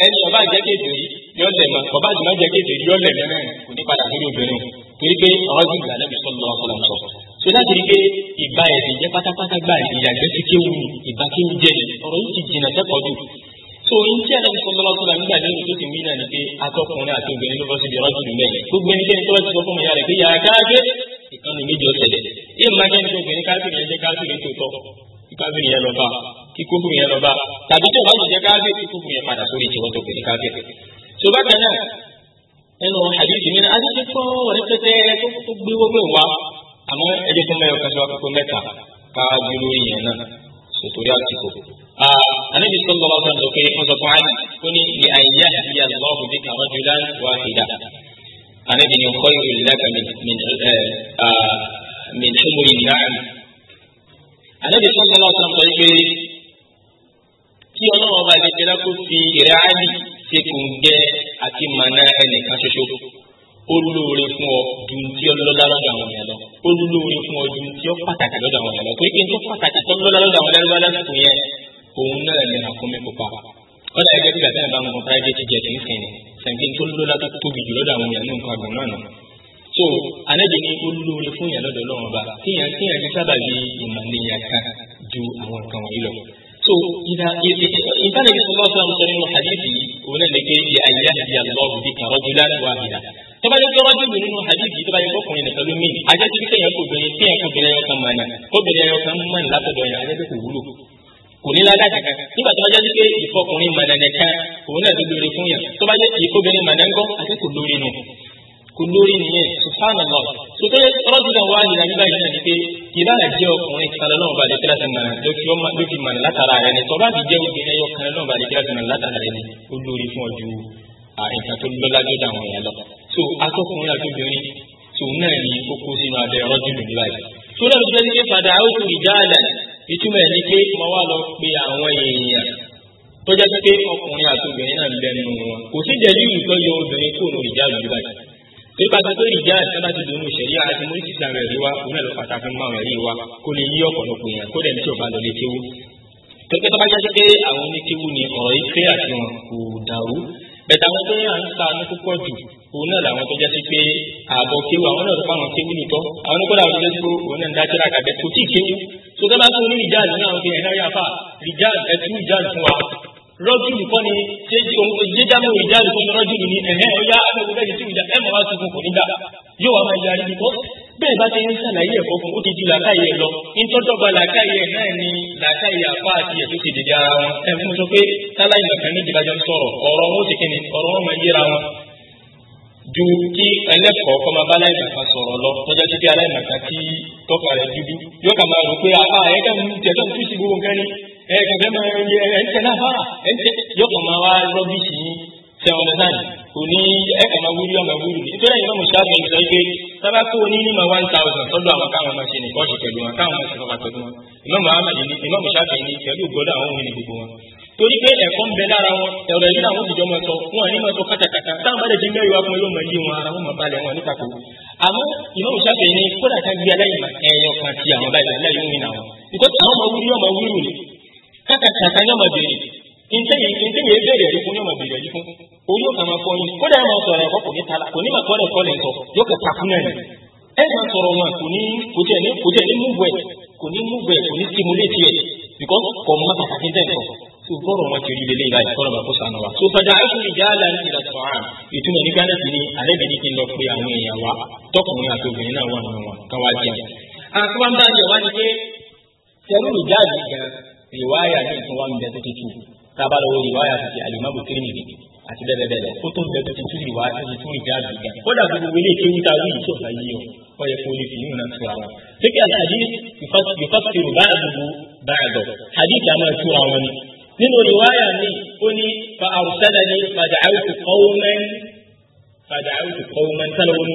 ẹni ọba jẹ́ kéde yọ lẹ̀ mọ́ ọba jùlọ jẹ́ kéde yọ lẹ̀ mọ́ kò ní padà lórí obìnrin torí pé rọ́jú ìgbà lẹ́bi sọ́dọ̀ ọ̀sán so láti rí i pé ìgbà ẹ̀sìn jẹ́ pátápátá gbà ìyàgbẹ́ ti kéwu ìgbà so n tí ẹnìkan sọ lọ́wọ́ sọ́la nígbà tí o ti mí náà ni pé atọ́kùnrin àti obìnrin ló bọ́ síbi ọ̀rọ̀ jù mẹ́rin gbogbo ẹnikẹ́ni tó bá ti sọ fún mi yára pé yàrá káàkiri ìkànnì méjì ọ̀sẹ̀lẹ̀ yìí máa jẹ́ nípa obìnrin káàkiri yẹn jẹ́ káàkiri tó tọ́ káàkiri yẹn lọ bá kíkókùn yẹn lọ bá tàbí tó bá ti jẹ́ káàkiri kíkókùn yẹn padà sórí tiwọn tó pèlè káàkiri. so bákan náà ẹnu hadithi mi náà a ti ṣe tó rẹpẹtẹ tó gbé wọ́pẹ́ wa àmọ́ ẹjẹ́ tó mẹ́rin kan sọ akókó mẹ́ta ká dúró anabi sọlọ lọ sọ pé wọn sọ fún àyè ó ní ní àyè àti àlọ́ọ̀bù bí kàwọn jùlọ wà ìdá anabi ni ọkọ yìí lè lẹ́ka min ṣúmùrì náà anabi sọlọ lọ sọ pé kí ọlọ́wọ́ bá lè jẹ́lá kó fi ìrẹ́ àyè ṣe kò ń jẹ́ àti màná ẹnìkan ṣoṣo ó lóore fún ọ ju ti ọ lọ́lá lọ́dọ̀ àwọn èèyàn lọ ó fún ọ ju ti ọ pàtàkì lọ́dọ̀ àwọn èèyàn lọ pé kí n tó pàtàkì tó lọ́lá lọ́dọ̀ àwọn èèyàn lọ́dọ̀ àsìkò yẹn òun náà ni àkómi pupa ó dà gẹ́gẹ́ bí gbàtẹ́ ìbá nǹkan private jet nísìnyí sẹ̀ǹkì tó lọ́lá tó tóbi jù lọ́dọ̀ àwọn èèyàn ní nǹkan àgbọ̀n náà so anẹ́jọ ni ó lóore fún yàn lọ́dọ̀ lọ́wọ́ bá kíyàn kíyàn ti sábà di ìmọ̀lẹ́yà kan ju àwọn nǹkan wọ̀nyí lọ. so ìtànàbí sọlá ọ̀sán ọ̀sán nínú hadithi òun náà lè gbé di àyíyá àti àlọ́ọ̀bù bí kàrọ́jú láàrúwá àbíyá. tó bá yẹ kí ọjọ́ ìlú nínú hadithi tó bá yẹ kọkùnrin nìkan ló mí ajá ti fi kéèyàn kó obìnrin kéèyàn kó obìnrin ẹyọ kan mọ̀nà kó obìnrin ẹyọ kan mọ̀nà látọ̀dọ̀ yàn ajá kò ní ládàá kankan nígbà tó bá jẹ́ pé ìfọkùnrin mọ̀nẹ̀nẹ̀ kan òun náà ló lóore fún yàn tó bá jẹ́ ìfọbìnrin mọ̀nẹ̀ńgọ́ àti kò lóore nù kò lórí nìyẹn subhanallah sotẹ rọdùnà wa yìí nàbí báyìí náà ni pé ìbá àjẹ ọkùnrin kan lọ́wọ́ bá lẹ́kẹ́lá ti mọ̀nà lókì mọ̀nà látara rẹ ni tọ́ba ti jẹ́ obìnrin ẹyọ kan lọ́wọ́ bá lẹ́kẹ́lá ti mọ̀nà látara rẹ ni ó lórí fún ọ ju nǹkan tó lọ́lá jọ́dá àwọn èèyàn lọ. so akọkùnrin ìtumọ̀ ẹ̀ ní pé mo wá lọ pe àwọn èèyàn tó jẹ́ pé ọkùnrin àti obìnrin náà ń bẹnu wọn kò sí jẹ́ yìí tó yọ obìnrin kó nu ìjà ìlú báyìí tí bá ti pé ìjà ìjọba láti dùn ún ìṣẹ̀lẹ̀ àti mú ìsìsà rẹ̀ rí wa òun náà lọ pàtàkì máa rẹ̀ rí wa kó lè yí ọ̀pọ̀lọpọ̀ èèyàn kó dẹ̀ ní tí ò lọ lè kéwú. pẹpẹ tó bá jẹ́ pé àwọn oníkéwú ni ọ̀rọ̀ ìfẹ́ àti wọn bẹ̀tẹ̀ àwọn tó ní à ń sàánú púpọ̀ jù òun náà làwọn tó jẹ́ sí pé ààbọ̀ kéwù àwọn náà tó pa àwọn kéwù lùtọ́ àwọn nípa àwọn tó jẹ́ sí pé òun náà ń dájọ́ àgàbẹ́ kò tí ì kéwù tó tọ́ bá fún ní ìjáàlì ní àwọn obìnrin náà yà fà ìjáàlì ẹtú ìjáàlì fún wa rọ́jùlù kọ́ ni ṣé jíjámù ìjáàlì fún rọ́jùlù ni ẹ̀hẹ́ ọ̀yá bẹ́ẹ̀ bá ti ń ṣàlàyé ẹ̀kọ́ fún ó ti ju làákàyè ẹ̀ lọ nítọ́jọ́gba làákàyè ẹ̀ náà ni làákàyè àpá àti ẹ̀ tó ti dìde ara wọn ẹ̀ fún sọ pé táláì mọ̀kàn ní ìdíbàjọ́ ń sọ̀rọ̀ ọ̀rọ̀ wọn ó ti kíni ọ̀rọ̀ wọn máa yíra wọn ju kí ẹlẹ́kọ̀ọ́ kọ́ máa bá láìmọ̀kàn sọ̀rọ̀ lọ tọ́jọ́ ti pé aláìmọ̀kàn tí tọ́ka rẹ̀ dúdú yóò kà máa rò pé apá kò ní ẹ̀kọ́ máa ọmọ wúrí ni nítorí ẹ̀yin náà mo ṣáàbù ẹ̀yin sọ pé sábà kó onímọ̀ one thousand sọ́dọ̀ àwọn káwọn máa ṣe nìkan ṣe pẹ̀lú wọn káwọn máa ṣe fọwọ́ pẹ̀lú wọn ìmọ̀ muhammed ní ìmọ̀ muṣáàbù ẹ̀yin pẹ̀lú gbọ́dọ̀ àwọn ohun ìní gbogbo wọn. torí pé ẹ̀kọ́ ń bẹ lára wọn ẹ̀rọ yìí làwọn òṣìṣẹ́ máa sọ wọn ní máa sọ kátàkátà táwọn bá lè ti mẹ́rin wá fún yóò máa yí wọn ara wọn máa balẹ̀ wọn níta kò àmọ́ ìmọ̀ muṣáàbù ẹ̀yin kódà ká gbé orí yóò kàn máa fọ́ yín kódà ẹ máa sọ̀rọ̀ ẹ̀kọ́ kò ní tala kò ní máa kọ́lẹ̀ kọ́lẹ̀ sọ yóò kẹ́ takú náà ni ẹ máa sọ̀rọ̀ wọn kò ní kò jẹ́ ní kò jẹ́ ní múbù ẹ̀ kò ní múbù ẹ̀ kò ní stimulate ẹ̀ because kò má pàtàkì dẹ́ nǹkan tó bọ́rọ̀ wọn kiri lé léyìí láyìí kọ́lọ̀ máa kó sànù wa. sọfadà ayélujára jaala ní ìlà sọ̀rọ̀ ìtumọ̀ ní ghana ti ní alẹ́ bìí ti lọ pé àwọn èèyàn wa tọkùnrin àti obìnrin náà wà nínú wọn káwá jẹun. àtúwọ́n bá jẹ wá ní pé tẹrúlù jáde gan rìwáyà ní nǹkan wà ń bẹ tó tutù tábàlówó rìwáyà ti ti àlùmọ́ bò tẹ́lẹ̀ nìyí àti bẹ́ẹ̀ bẹ́ẹ̀ lọ kó tó ń bẹ tó ti tún ìwà tó ti tún ìgbé àdúgbò kódà gbogbo wílé ìké wúta wí ìṣó ọ̀gá yìí ọ ọ yẹ kó lè fi yíwọn náà tura wọn. pépé àtàdé yòókàtìrò bá àdúgbò bá àgọ hadith àmọ́ ìtura wọn ni. nínú ìwáyà mi ó ní fa àrùsálà ní fàdà àwùkù kọ́wọ́mẹ́n fàdà àwùkù kọ́wọ́mẹ́n sálọ wọn ní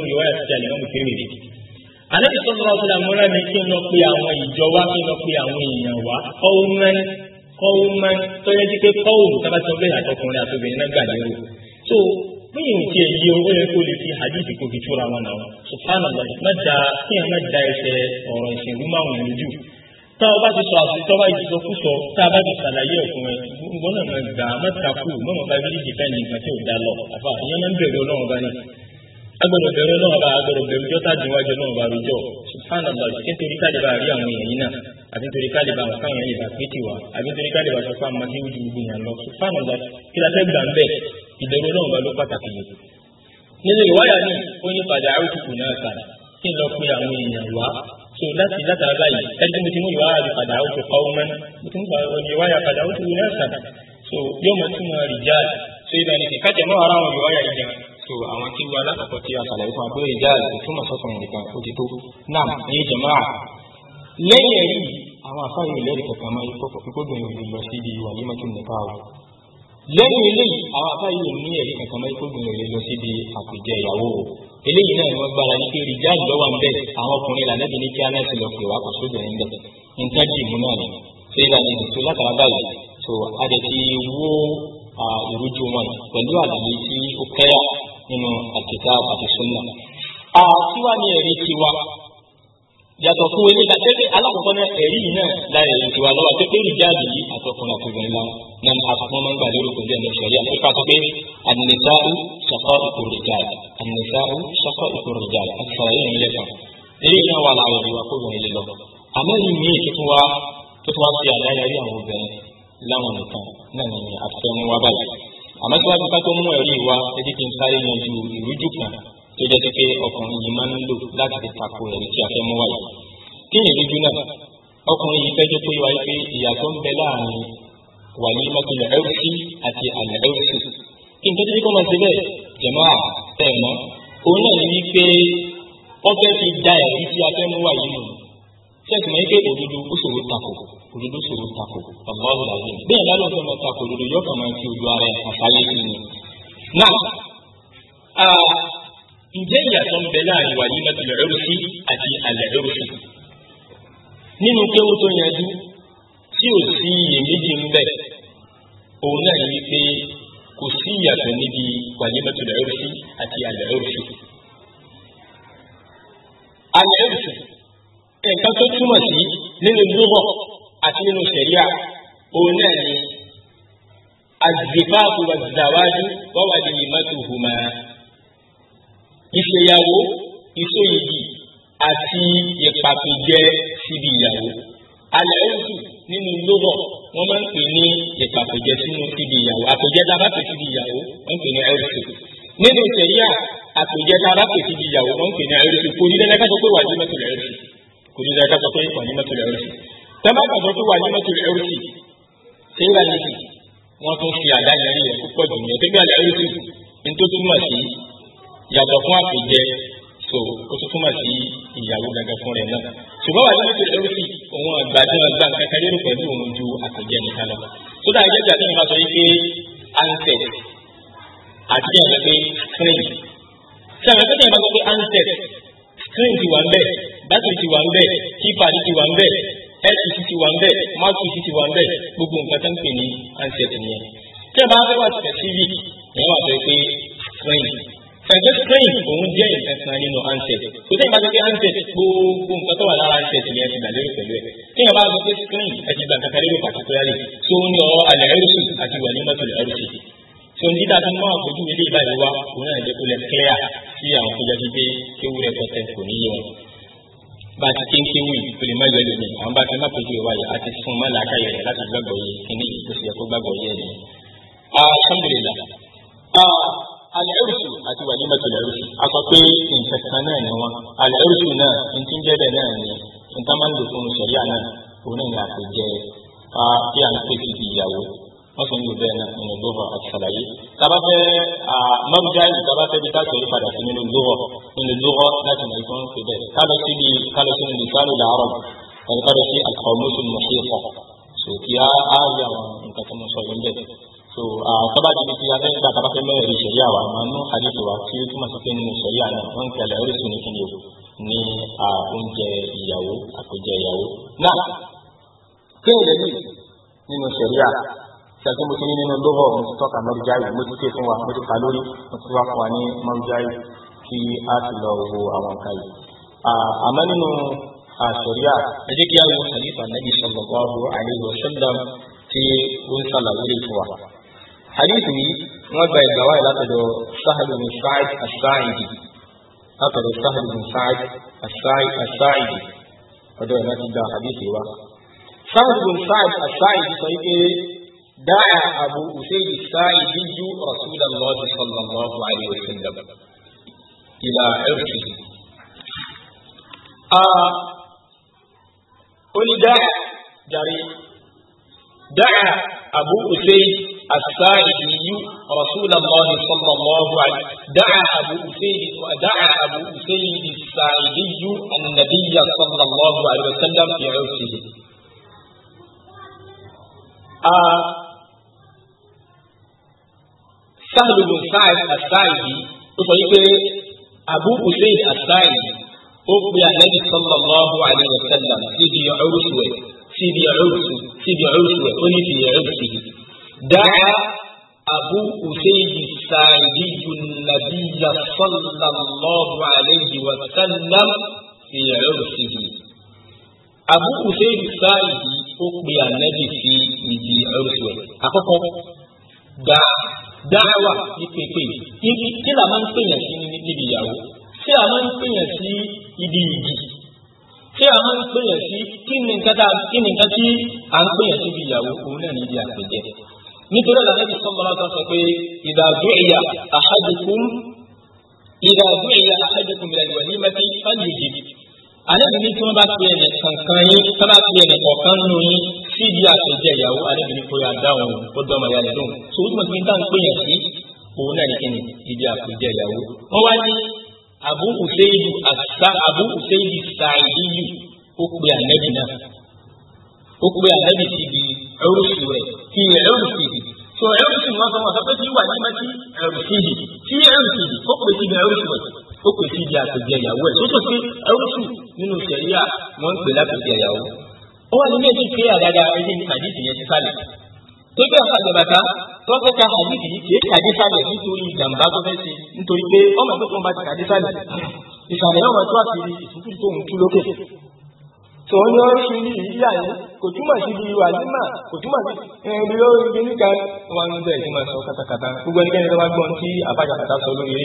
ìwáyà ti qawman tó yẹ kí pé qawm tábà tí wọ́n bẹ̀rẹ̀ àtọkùnrin àtobìnrin náà gbà lérò so bíyìn tí ẹ yí owó yẹ kó lè fi hadith kò fi túra wọn náà subhanallah má da kí ẹ má da ẹsẹ̀ ọ̀rọ̀ ìsìn rúmọ àwọn ìlú tá a bá ti sọ àti tọ́wá yìí sọ kú sọ tá a bá ti sàlàyé ọkùnrin gbọ́dọ̀ máa gbà á má mọ́mọ́ bá bí agbọ́dọ̀ bẹ̀rù náà bá agbọ́dọ̀ bẹ̀rù jọ́tà díwájú náà bá rújọ́ subhanallah ṣe nítorí káàdì bá rí àwọn èèyàn yìí náà àti nítorí káàdì bá wọn káwọn èèyàn bá pé tì wá àti nítorí káàdì bá sọ fún àwọn tí ó ju gbogbo yàn lọ subhanallah kí la fẹ́ gbà ń bẹ̀ ìbẹ̀rù náà bá ló pàtàkì yìí. nínú ìwáyà náà ó ní padà àrùkùkù náà kà kí n lọ pe àwọn èèyàn wá so láti látara báyìí ẹni mo ti mú ìwáyà mi padà ó ti pa ó mẹ́nu mo ti mú ìwáyà padà ó ti wù náà kà so yóò mọ̀ tí mo rìjáde so ìbẹ̀rẹ̀ kí kájẹ̀ mọ́ ara àwọn ìwáyà yìí so àwọn tí wọ́n alákọ̀ọ́kọ́ tí a ṣàlàyé fún abúlé ìjà àti túmọ̀ sọ́kùnrin nìkan ó ti tó náà ní jẹ̀mọ́ra lẹ́yìn ẹ̀rí àwọn àfáàyè ìlẹ́rìí kankan máa yí kọ́kọ́ pípọ́bìnrin òde lọ síbi ìwà límọ́tò nìkan o lẹ́yìn eléyìí àwọn àfáàyè ní ẹ̀rí kankan máa yí kọ́bìnrin òde lọ síbi àpèjẹ ìyàwó o eléyìí náà ni wọ́n gbára ní pé ìjà lọ́wọ́ ń bẹ̀ àwọn ọkùnrin làlẹ́bí ní kí aláìsí lọ pè wá kò sóbìnrin bẹ̀ nǹkan dì mú náà ni fẹ́ẹ́rẹ́ ni tó látara báyìí tó adẹ̀ ti wó ìrújú wọn pẹ̀lú àlàyé tí ó kẹ́yà nínú Al-Kitab àti Sunnah. àti wá ní ẹ̀rí tiwa yàtọ̀ fún ilé ìdájọ́ pé alákọ̀ọ́kọ́ náà ẹ̀rí yìí náà láì ẹ̀rí tiwa lọ́wọ́ pé pé ìjáde yìí àtọkùnrin àtọkùnrin náà náà àtọkùn máa ń gbà lérò pẹ̀lú ẹ̀mí ìṣẹ̀rí àti pàtó pé an-nisā'u shaqā'iqu r-rijāl an-nisā'u shaqā'iqu r-rijāl àti sàlàyé yẹn lẹ́kàn èyí náà wà láàyè àmọ́ tí wàá fi kátó mú ẹ̀rí wa ẹjí kí n sáré yanjú ìrújú kan tó jẹ́ pé ọkùnrin yìí máa ń lò láti fi tako ẹ̀rí tí a fẹ́ mú wáyé. kí ni ìrújú náà ọkùnrin yìí fẹ́ jẹ́ pé wáyé pé ìyàtọ̀ ń bẹ láàrin wàlí mọ́tòlẹ̀ ẹ̀rúsí àti àlẹ́ ẹ̀rúsí. kí n tó ti kọ́ máa ṣe bẹ́ẹ̀ jẹ̀mọ́ àtẹ̀mọ́ òun náà ní wípé wọ́n fẹ́ fi da ẹ̀rí tí a fẹ́ mú wáyé nù sẹ́ẹ̀sì mọ̀ ike òdodo ó ṣòro takò òdodo ṣòro takò ọ̀gbọ́n làwọn bẹ́ẹ̀ bá lọ́sọ̀ máa takò òdodo yóò kàn máa fi ojú ara ẹ̀ àfáyé sí ni. náà ǹjẹ́ ìyàtọ̀ ń bẹ láàrin wàyí mẹ́tìlẹ̀ ẹrùsí àti àlẹ́ ẹrùsí? nínú kéwù tó yanjú tí ò sí iyèméjì ń bẹ òun náà ní pé kò sí ìyàtọ̀ níbi wàyí mẹ́tìlẹ̀ ẹrùsí àti àlẹ́ ẹrùsí. àlẹ́ ẹrùsí nǹkan tó túmọ̀ sí nínú lúgọ̀ àti nínú ṣẹ̀ríà òun náà ni azifáàfù wàzàwájú wáwà ní ìmọ̀tò hùmà ìṣèyàwó ìṣòyìgì àti ìpàkùjẹ síbi ìyàwó alẹ́ òtù nínú lúgọ̀ wọ́n máa ń pè ní ìpàkùjẹ sínú síbi ìyàwó àkùjẹ dábàá pè síbi ìyàwó wọ́n pè ní ẹ̀rùsù nínú ṣẹ̀ríà àkùjẹ dábàá síbi ìyàwó wọ́n pè ní ẹ̀rùsù kò ní lẹ́lẹ́kẹ́ tó pé wà ní mẹ́tò ẹ̀rùsù kò ní dáa ká sọ pé wàlímọ́tò lẹ́rù sí. tẹ́lá kàtó tó wàlímọ́tò lẹ́rù sí ṣé wà ní sí wọ́n tún fi àdáyẹrí rẹ̀ púpọ̀ jù yẹn tẹ́gbẹ́ lẹ́rù sí ní tó túmọ̀ sí yàtọ̀ fún àpèjẹ so ó tún túmọ̀ sí ìyàwó gẹ́gẹ́ fún rẹ̀ náà. ṣùgbọ́n wàlímọ́tò lẹ́rù sí òun àgbàdo àgbà kankan lérò pẹ̀lú òun ju àpèjẹ nìkan lọ. tó dáa jẹ́ ìgbà tí mo bá sọ wípé ansẹ̀ àti ẹ̀rọ pé screen. ṣé bátìrì ti wà ń bẹ̀ kípàdì ti wà ń bẹ̀ lcc ti wà ń bẹ̀ mọ́tìrì ti wà ń bẹ̀ gbogbo nǹkan tó ń pè ní handset nìyẹn. tí ẹ bá fẹ́ wà tẹ̀ tv ìyẹn wà sọ pé screen ẹgbẹ́ screen òun jẹ́ ìtẹ̀sán nínú handset kò tẹ́ ẹ bá sọ pé handset gbogbo nǹkan tó wà lára handset yẹn ti gbàlérò pẹ̀lú ẹ̀ tí ẹ bá sọ pé screen ẹ ti gbà kankan lérò particularly tó ní ọ alẹ́ ẹrùsì àti wà ní mọ́tò ẹrùsì tó ń dídá tó ń máa fojú ilé ìbáyìí wá òun náà jẹ́ kó lẹ́ clear sí àwọn tó jẹ́ pé kéwú rẹ̀ kọ́tẹ́ kò ní bá a ti kéńké wù yìí tó lè má yọ lómi àwọn bá a ti má pèsè wáyé a ti fún má làákà yẹrẹ láti gbàgbọ́ yẹ kíní yìí tó sì yẹ kó gbàgbọ́ yẹ ni. alhamdulillah alẹ́rùsù àti wàlí mẹ́tòlẹ́rùsù a sọ pé nǹkan kan náà ni wọn alẹ́rùsù náà nǹkan jẹ́bẹ̀ náà ni nǹkan máa ń lò fún ìṣẹ̀lẹ̀ náà òun náà ni àpèjẹ tí à ń pè sí ìyàwó wọ́n sì ń lò bẹ́ẹ̀ náà nínú lóhùn àti sàlàyé. tábà fẹ́ mọ́bíjáì tábà fẹ́ bí ká sọ̀rọ̀ padà sí nínú lóhùn nínú lóhùn láti mọ̀ ìfọ́n ṣe bẹ́ẹ̀. kálọ̀ sí bí kálọ̀ sí nínú ìsálù làárọ̀ ẹ̀rọ kálọ̀ sí àkọ́mọ́sù mọ̀ṣẹ́fọ̀. so kí á á rí àwọn nǹkan tó mọ̀ sọ yẹn so tábà ti di ti alẹ́ nígbà fẹ́ mẹ́rin ṣẹ̀yà wa ṣàtí mo ti ní nínú lóhọ̀ mo ti tọ́ka mọ́rìjáì mo ti ké fún wa mo ti kà lórí mo ti wá fún wa ní mọ́rìjáì kí a ti lọ wo àwọn nǹkan yìí. àmọ́ nínú àṣọríà ẹ jẹ́ kí a wo àyíká nàbì sallallahu alaihi wasallam tí ó ń ṣàlàyé lè fún wa. àdìsí yìí wọ́n gba ìgbà wáyé látọ̀dọ̀ Sahl bin Sa'id as-Sa'idi látọ̀dọ̀ Sahl bin Sa'id as-Sa'idi ọ̀dọ̀ ìrántí gba àdìsí wa. Sahl bin Sa'id as-Sa'idi sọ دعا أبو أسيد الساعدي رسول الله صلى الله عليه وسلم إلى عرشه آه قل دعا جري دعا أبو أسيد الساعدي رسول الله صلى الله عليه دعا أبو أسيد ودعا أبو أسيد الساعدي النبي صلى الله عليه وسلم في عرشه آه sáàlù bin sáàd àsáàdì ó sọ wípé abu hussein àsáàdì ó pe ànábì sallallahu alaihi wa sallam síbi ọ̀rùsù ẹ̀ síbi ọ̀rùsù síbi ọ̀rùsù ẹ̀ ó ní ti ọ̀rùsù yìí. dáa abu hussein sáàdì nàbíyà sallallahu alaihi wa sallam ti ọ̀rùsù yìí. abu hussein sáàdì ó pe ànábì sí ibi ọ̀rùsù ẹ̀ àkọ́kọ́ dáa dáhàwà ìpèpè ibi kí là máa ń pèyàn sí níbi ìyàwó kí là máa ń pèyàn sí ibi ìdì kí là máa ń pèyàn sí kí ni nǹkan tí à ń pèyàn sí ibi ìyàwó òun náà níbi àpèjẹ. nítorí àlàyé sọ́kọ́lá kan sọ pé ìdàgbé ìyà àhájùkún ìdàgbé ìyà àhájùkún ìlànà ìwà ní mẹ́tí fáyìí alebili tí wọn bá pe ẹnì kankan yín tí wọn bá pe ẹnì kọ̀ọ̀kan nù yín síbi àtúnjẹ ìyàwó alebili kò yà dáhùn ó dọmọ ìyá rẹ lóhùn tó o túmọ̀ sí ní táwọn péyàn sí òun náà ní kíni àtúnjẹ ìyàwó. wọn wá ní abu useidu asa abu useidu saidiyu ó pe anabi náà ó pe anabi síbi ẹrùsù rẹ kí ni ẹrùsù yìí tó ẹrùsù wọn sọ wọn sọ pé tí wà ní mẹtí ẹrùsù yìí tí ẹrùsù yìí ó pe síbi ẹrùsù rẹ ó pè sí ìdí àpèjẹ ìyàwó ẹ̀ sótò sí ẹrúsù nínú sẹ̀ríà wọ́n ń pè lápèjẹ ìyàwó. ó wà nínú ẹ̀jẹ̀ pé àdáda ẹni àdìsí yẹn ti sálẹ̀. tó bẹ́ẹ̀ fà jàbàtà tó fẹ́ ka àdìsí yìí kì í kàdé sálẹ̀ nítorí ìjàmbá tó fẹ́ ṣe nítorí pé ọmọ ìgbésùn bá ti kàdé sálẹ̀. ìsàlẹ̀ ọmọ tó àti ìfúkúrú tó ń tú lókè tòun yọ ṣe ní ìyá yìí kò túmọ̀ sí ibi wà nímà kò túmọ̀ sí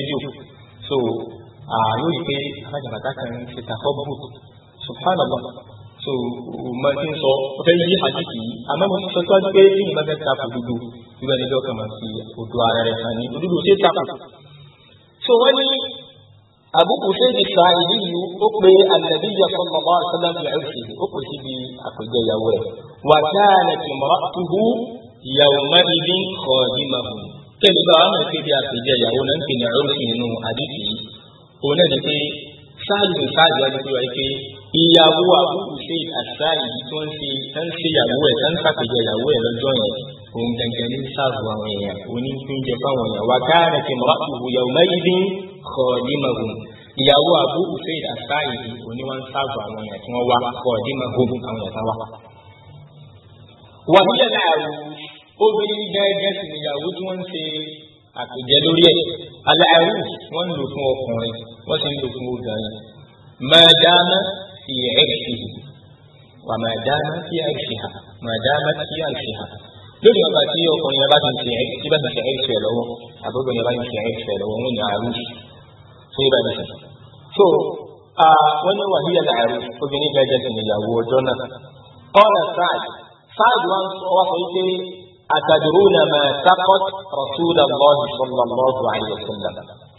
ẹni ń gbé so Ah, yóò rí pé alájàbàtà kan ṣe tàkọ́bù subhanallah so ma ti ń sọ ó fẹ́ yí àdìsí àmọ́ mo ti sọ tó wájú pé kí ni ma fẹ́ ta òdodo ìgbà ní ọjọ́ kan máa fi odò ara rẹ̀ sàn ní òdodo ṣe ta kù. so wọ́n ní àbúkù ṣéèdì sa ìlú yìí ó pe àlẹ́bí yàtọ̀ mọ̀mọ́ àṣálà ní àìsè ó pè sí ibi àpèjẹ ìyàwó rẹ̀ wà á nàkì mọ́ tuhu ìyàwó má ibi kọ́ ọ̀dí máa hù kẹ́lẹ́ bá àpèjẹ ìyàwó náà ń pè ní àìsè nínú àdìsí yìí òun náà ni pé sáàdù ní sáàdù wájú pé wáyé pé ìyàwó àbúrò ṣe àṣà yìí tó ń ṣe tó ń ṣe ìyàwó ẹ̀ tó ń ṣàpèjẹ ìyàwó ẹ̀ lọ́jọ́ yẹn òun gẹ́gẹ́ ní sáàdù àwọn èèyàn òní pínjẹ fáwọn èèyàn wà káàrẹ̀ kí màá tù wù yàwó máyì dín kọ́ ọ̀dìmọ̀gùn ìyàwó àbúrò ṣe àṣà yìí òní wọn sáàdù àwọn èèyàn tí wọ́n wá kọ́ ọ̀dìmọ̀gùn àwọn èèyàn táwa. wà àpèjẹ lórí ẹ̀ aláàrú wọ́n ń lò fún ọkùnrin wọ́n sì ń lò fún obìnrin máa sí ẹ̀ẹ́sì wà máa sí ẹ̀ẹ́sì hà máa sí ẹ̀ẹ́sì hà lórí ọba tí ọkùnrin bá ti ń ṣe ẹ̀ẹ́sì bá ti ṣe ẹ̀ẹ́sì ẹ̀ lọ́wọ́ àbúrò yẹn bá ti ṣe ẹ̀ẹ́sì ẹ̀ lọ́wọ́ wọ́n ní àrú fún ibà ní sọ̀tọ̀ so wọ́n ní wàhíyà láàrú obìnrin bẹ́ẹ̀ jẹ́ أتدرون ما سقط رسول الله صلى الله عليه وسلم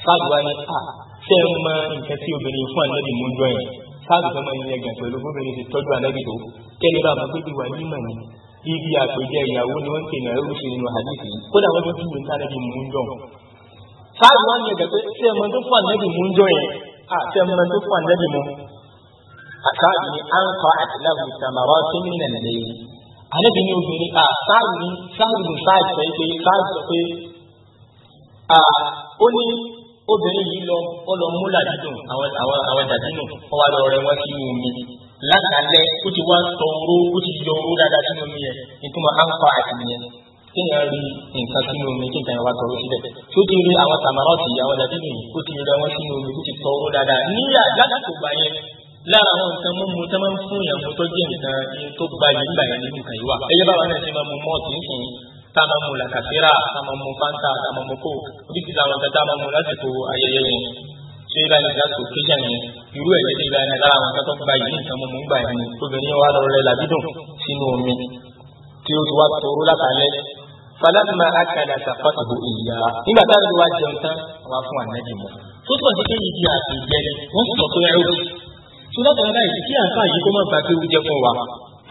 فقال آه سيما إن كثير من يفوان الذي منذ káàdì tó máa ń yẹgàn pẹ̀lú gómìnà ti tọ́jú ànábì tó kẹ́lẹ́ bá máa gbégbé wà ní ìmọ̀ ni ibi àpèjẹ ìyàwó ni wọ́n ń kéèyàn ẹrú sí nínú àdìsí kódà wọ́n tó tún lè sáré mú jọ. káàdì wọn yẹgàn pé ṣé tó fún ànábì mú jọ yẹn àti ẹ mọ tó fún ànábì mú. àkáàdì ni à ń kọ́ àtìláwù ìtàmàrà tó ń nà àlejò ní obìnrin à sáàrù ní sáàrù ní sáàrù sọ pé sáàrù sọ pé à ó ní obìnrin yìí lọ ó lọ mú làdídùn àwọn àwọn àwọn jàdínù ó wá lọ rẹ wọn sí inú omi látàlẹ ó ti wá sọ oró ó ti yọ oró dáadáa sínú omi yẹn ìtumọ̀ àǹfà àti ìyẹn kéèyàn rí nǹkan sínú omi kí nǹkan wá tọrọ síbẹ̀ tí ó ti rí àwọn tàmárọ̀tì àwọn jàdínù yìí ó ti rí wọn sínú omi ó ti tọrọ dáadáa níyà lásìkò gbà yẹn lára àwọn nǹkan mímu tó máa ń fún yàn mú tó jẹ́ nǹkan tó gbayì nígbà yẹn nínú kan yìí wà. ẹyẹ báwa náà ṣe máa mu mọ́ọ̀tì nìyí tá a máa mu làkàtìrà tá a máa mu fanta tá a máa mu kó oríṣiríṣi àwọn nǹkan tá a máa mu lásìkò ayẹyẹ yẹn ṣé ibà ní ìdásò kéjà yẹn irú ẹ̀jẹ̀ ní ibà yẹn lára àwọn nǹkan tó gbayì nǹkan mímu gbà yẹn ni obìnrin wa lọ rẹ làbídùn sínú omi tí ó ti wá toró látàlẹ́ falasma tó látara báyìí kí àǹfà yìí kó má gba kéwú jẹ fún wa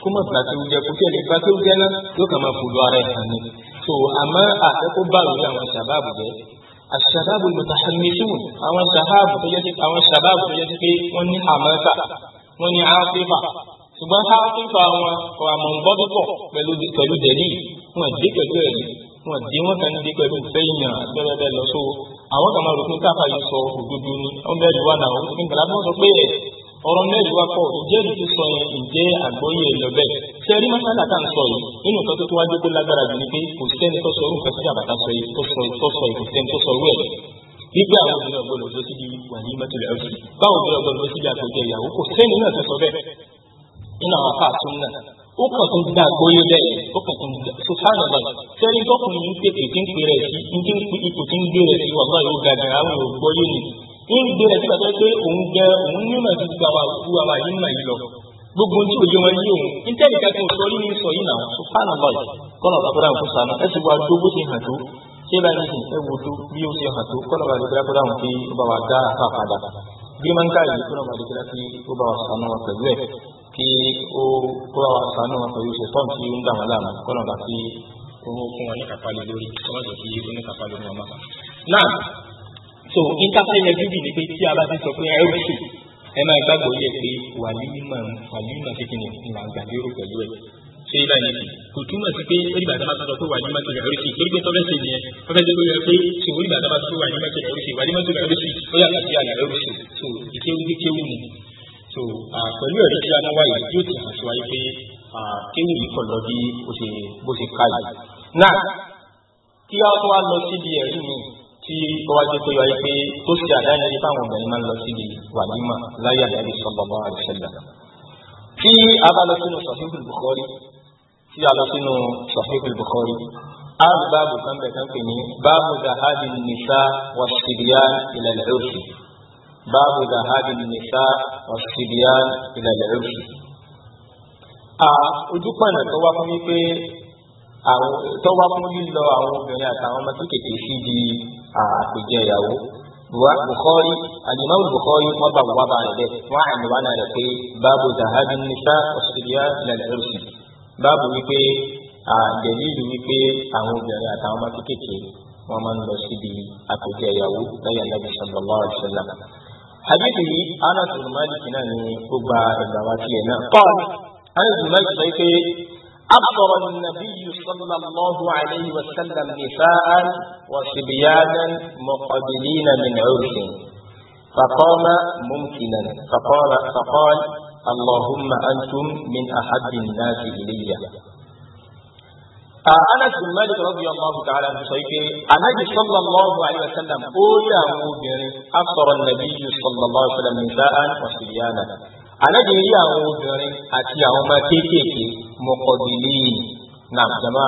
kó má gba kéwú jẹ kó kí ẹni gba kéwú jẹ náà yóò kà máa fòlù ara ẹ̀ hàn ní. so àmọ́ àtẹ́kọ́ bá lórí àwọn sàbáàbù jẹ́ àṣàbáàbù mutahammilun àwọn sàbáàbù tó yẹ àwọn sàbáàbù tó yẹ pé wọ́n ní àmọ́ta wọ́n ní áfífà ṣùgbọ́n áfífà wọn ọ̀rọ̀ àmọ̀ pẹ̀lú dẹ̀lí wọn dé pẹ̀lú ẹ̀rí wọn dé wọn kàn dé pẹ̀lú fẹ́yìn àgbẹ̀rẹ̀ lọ so àwọn kan máa rò pé káfà yìí sọ òdodo ni ọmọ ẹ̀rí wà náà ó sọ pé ọ̀rọ̀ mẹ́rin wá pọ̀ ìjẹ́rìí tó sọ yẹn ǹjẹ́ àgbọ́yé ẹ̀ lọ bẹ́ẹ̀ ṣe rí mọ́sálà tá à ń sọ yìí nínú nǹkan tó tó wájú pé lágbára jù ni pé kò sẹ́ni tó sọ irú nǹkan tí àbàtà sọ yìí tó sọ tó sọ kò sẹ́ni tó sọ irú ẹ̀ nígbà àwọn obìnrin ọgbọ́dọ̀ lọ síbi wà ní mẹ́tòlẹ̀ ọ̀sùn báwo obìnrin ọgbọ́dọ̀ lọ síbi àtọ̀jẹ ìyàwó kò sẹ́ni náà tó sọ bẹ́ẹ̀ nínú àwọn apá àtún náà ó kàn tó dá agbóyé bẹ́ẹ̀ ó kàn tó ń dá sùpáànù bàbá sẹ́ni tọkùnrin ń pèpè tí ń pè rẹ̀ sí ipò tí ń gbé rẹ̀ sí wàhálà yóò gàgàrà àwọn ògbóyé nìyí ń gbé rẹ̀ sígbà tó pé òun gẹ òun nímọ̀ ju gbogbo àwọn àwùjọ àwọn àyè nímọ̀ yìí lọ gbogbo tí òye wọn yé òun ní tẹ́lẹ̀ kẹ́kẹ́ sọ yìí ní o yìí náà sọ fáànà báyìí kọ́nà bàbára òkú sànà ẹ sì wá dó bó ti hàn tó ṣé báyìí nìsín ẹ wo tó bí ó ti hàn tó kọ́nà bàbá ìgbéra kọ́nà àwọn tí ó bá wa dá àfa padà gírímán káàdì kọ́nà bàbá ìgbéra tí ó bá wa sànà wọn pẹ̀lú ẹ̀ kí ó kó wa sànà wọn pẹ̀lú ṣe tọ́m tí ó ń dà wọn láàmú kọ́nà bàbá tí ó fún wọn ní kàpálẹ̀ lórí kọ́nà so interfere duty ni pé tí a bá ti sọ pé ẹrú sí ẹ máa gbàgbọ́ yẹ pé wàlímọ̀ wàlímọ̀ kékeré ni là ń gbàlérò pẹ̀lú ẹ̀ ṣe ibà yẹn kò túmọ̀ sí pé onígbà tá a bá sọ pé wàlímọ̀ kékeré ẹrú sí torí pé tọ́lẹ̀ ṣe nìyẹn tọ́lẹ̀ ṣe lórí ẹ pé ṣe onígbà tá a bá sọ pé wàlímọ̀ kékeré ẹrú sí wàlímọ̀ kékeré ẹrú sí ó yàtọ̀ sí àlẹ́ ẹrú sí so ìkéwú kékeré ni so pẹ̀lú ẹ̀rí tí a mọ́ wáyé yóò ti tí ó wá jẹ́ pé wáyé pé tó ṣe àdáyé ní fáwọn obìnrin máa ń lọ síbi wàlímà láyé àdáyé sallallahu alaihi wasallam. tí a bá lọ sínú Sahihul Bukhari tí a lọ sínú Sahihul Bukhari a rí báàbù kan bẹ̀ kan pè ní báàbù zahabi nisa wa sibiyan ila al-ursi báàbù zahabi nisa wa sibiyan ila al-ursi. a ojú pàǹdà tó wá fún mi pé àwọn tó wá fún lílọ àwọn obìnrin àtàwọn ọmọ kéékèèké sí di Ah, àpèjẹ ìyàwó wa bukhari alimami bukhari wọn bá wọn bá rẹ bẹ wọn àmì wọn náà rẹ pé báàbù zahabi nisa ọsibíà lẹlẹrìsì báàbù wípé àdẹ̀lílù wípé àwọn obìnrin àtàwọn ọmọ kéékèèké wọn máa ń lọ síbi àpèjẹ ìyàwó lẹ́yìn anábì sallallahu alaihi hadithi yìí anas bin malik náà ni ó náà. kọ́ anas sọ pé أبصر النبي صلى الله عليه وسلم نساء وصبيانا مقبلين من عرس فقام ممكنا فقال فقال اللهم أنتم من أحب الناس إلي آه، أنس بن مالك رضي الله تعالى عنه سيكي النبي صلى الله عليه وسلم أولى مبر أبصر النبي صلى الله عليه وسلم نساء وصبيانا àlejò rí àwọn obìnrin àti àwọn ọmọ kéékèèké mọ̀kọ́dìlì náà jama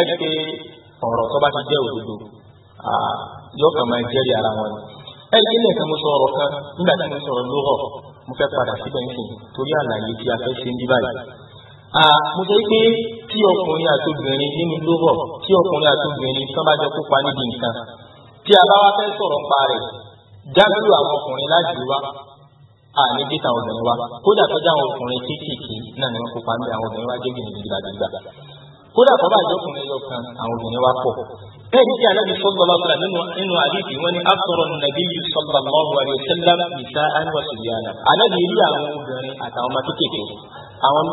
ẹ pé ọ̀rọ̀ tó bá ti jẹ́ òdodo yóò kàn máa jẹ́rìí ara wọn ẹ ní ilé ìkan mo sọ ọ̀rọ̀ kan nígbà tí mo sọ̀rọ̀ lórọ̀ mo fẹ́ padà síbẹ̀ nísìn torí àlàyé tí a fẹ́ ṣe ń bí báyìí. mo sọ pé kí ọkùnrin àti obìnrin nínú lórọ̀ kí ọkùnrin àti obìnrin tán bá jọ kópa níbi nǹkan tí a bá wá fẹ́ sọ̀rọ̀ pa rẹ̀ jágbó àwọn ọkùnrin láti wá a ní bí táwọn obìnrin wa kódà tó dáhùn ọkùnrin kéékèèké náà ni wọn kópa ń àwọn obìnrin wa gégé nígbà kódà jọ ọkùnrin yọ kan àwọn obìnrin wa pọ̀ bẹ́ẹ̀ ni tí alábi sọ́gbọ́lá sọ́la nínú nínú àdìsí wọn ni nàbí yìí ìta àwọn obìnrin àtàwọn ọmọ kéékèèké àwọn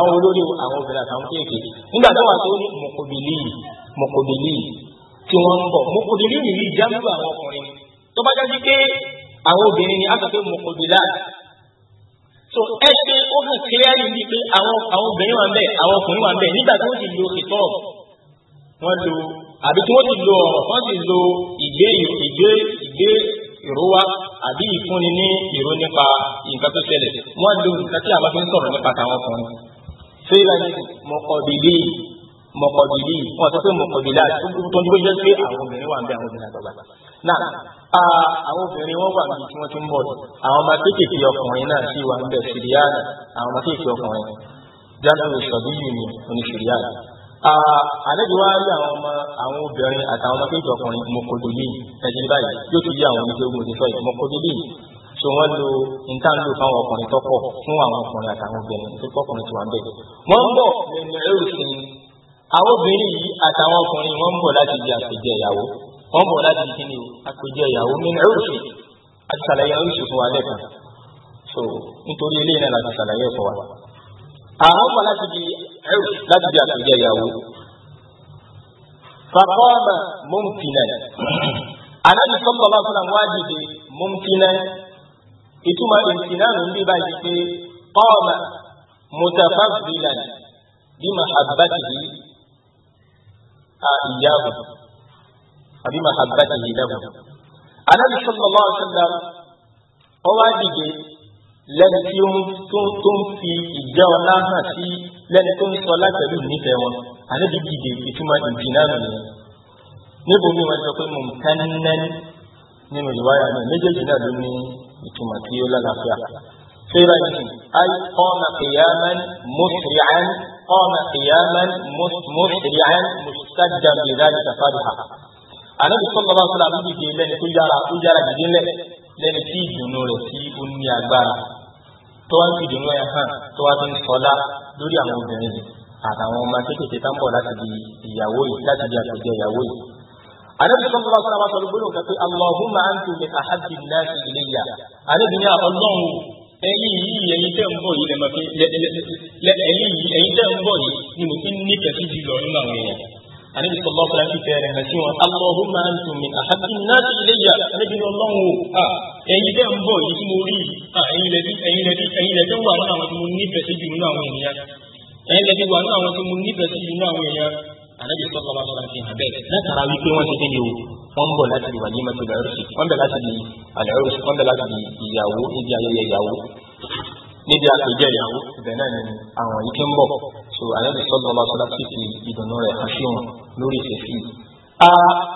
olórí àwọn obìnrin àtàwọn àwọn obìnrin ni a sọ pé so ẹ ṣe ó hàn kílíárì ní pé àwọn àwọn obìnrin wà ń bẹ àwọn ọkùnrin wà ń bẹ nígbà tí wọ́n ti lo ìtọ́ wọ́n lo àbí tí wọ́n ti lo ọ̀rọ̀ wọ́n ti lo ìgbé ìgbé ìgbé ìrówá àbí ìfúnni ní ìró nípa nǹkan tó ṣẹlẹ̀ wọ́n lo nǹkan tí a máa fi ń sọ̀rọ̀ nípa tàwọn ọkùnrin so ìlànà mọ̀kọ̀bìlì mọ̀kọ̀bìlì wọ́n sọ pé mọ̀kọ̀bìlà tó ń dúró jẹ́ pé àwọn obìnrin wà ń bẹ àwọn obìnrin àgbàgbà náà àwọn obìnrin wọn wà níbi tí wọn ti ń bọ àwọn ọmọ kéékèèké ọkùnrin náà sì wà níbẹ̀ sìríyàna àwọn ọmọ kéékèèké ọkùnrin jáde ìṣọ̀bí yìí ni oníṣìríyàna. àlejò wa rí àwọn ọmọ àwọn obìnrin àtàwọn ọmọ kéékèèké ọkùnrin mọ̀kòdìlì ẹ̀jẹ̀ báyìí yóò ti yí àwọn oníṣègùn òṣìṣọ́ yìí mọ̀kòdìlì so wọn lo intanlo fáwọn ọkùnrin tọpọ fún àwọn ọkùnrin àtàwọn obìnrin tó kọkùnrin ti wà bẹ́ẹ̀ wọn bọ nínú ẹrù sí àwọn obìnrin yìí àtàwọn ọkùnrin wọn ń bọ láti di àpèjẹ ìyàwó wọ́n bọ̀ láti kí ni àpèjẹ ìyàwó mi ẹ̀rùsù àti sàlàyé ẹ̀rùsù fún wa lẹ́ẹ̀kan so nítorí ilé náà láti sàlàyé fún wa. àwọn bọ̀ láti di ẹ̀rùsù láti di àpèjẹ ìyàwó. fàkọ́ọ̀mà mọ́mùkìnà anábì sọ́kọ̀ bá fún àwọn àjèjì mọ́mùkìnà ìtumọ̀ ìmùkìnà ló ń bí báyìí pé kọ́ọ̀mà mùtàfàbìlà bí màhàbàtì ìyàwó àbí mahabbatihi lahu. Ànábì sallallahu alaihi wasallam ó wá dìde lẹ́ni tí ó ń fi ìjẹ́ ọlá hàn sí lẹ́ni tó ń sọ látẹ̀lú nífẹ̀ẹ́ wọn. Ànábì dìde ìtumọ̀ ìdìnnà nìyẹn. Níbo ni wọ́n sọ pé mò ń kánná nínú ìwáyà náà méjèèjì náà ló ní ìtumọ̀ tí ó lálàáfíà. فرنسي أي قام قياما مسرعا قام قياما مسرعا مستجدا بذلك فرحة anabi sallallahu alaihi wasallam dìde lẹ́ni tó yára tó yára dìde lẹ lẹ́ni tí ìdùnnú rẹ̀ tí ó ní agbára tó wá ń fi ìdùnnú ẹ̀ hàn tó wá ti ń sọlá lórí àwọn obìnrin àtàwọn ọmọ kékeré tá ń bọ̀ láti di ìyàwó yìí láti di àpèjẹ ìyàwó yìí. anabi sallallahu alaihi wasallam sọ gbólóhùn kan pé allahumma anti min ahabbi nasi ilayya anabi ní ọlọ́run ẹ̀yin yìí ẹ̀yin tẹ́ ń bọ̀ yìí lẹ́mọ̀ pé ẹ̀yin tẹ́ ń bọ̀ yìí ni mo ti ń nífẹ̀ẹ́ sí jùlọ nínú anabi sallallahu alaihi wasallam fẹrẹ hàn sí wọn allahumma antum min ahabbi an-nas ilayya anabi ni Ọlọ́run o ẹ̀yin dẹ ń bọ̀ yìí tí mo rí ẹ̀yin lẹbi ẹ̀yin lẹbi ẹ̀yin lẹbi wà nínú àwọn tí mo nífẹ̀ẹ́ sí jù nínú àwọn ènìyàn ẹ̀yin lẹbi wà nínú àwọn tí mo nífẹ̀ẹ́ sí jù nínú àwọn ènìyàn anabi sallallahu alaihi wasallam fi hàn bẹ́ẹ̀ látara wípé wọn ti kéde o wọn bọ̀ láti di wàlímà tó lọ ẹrùsì wọn bẹ láti di àlẹrùsì wọn bẹ láti di ìyàwó níbi ayẹyẹ ìyàwó níbi àpèjẹ so àyẹ̀dẹ̀ sọ́dọ̀ ọba sọ́dọ̀ sì fi ìdùnnú rẹ̀ hàn sí wọn lórí ìṣẹ̀fì.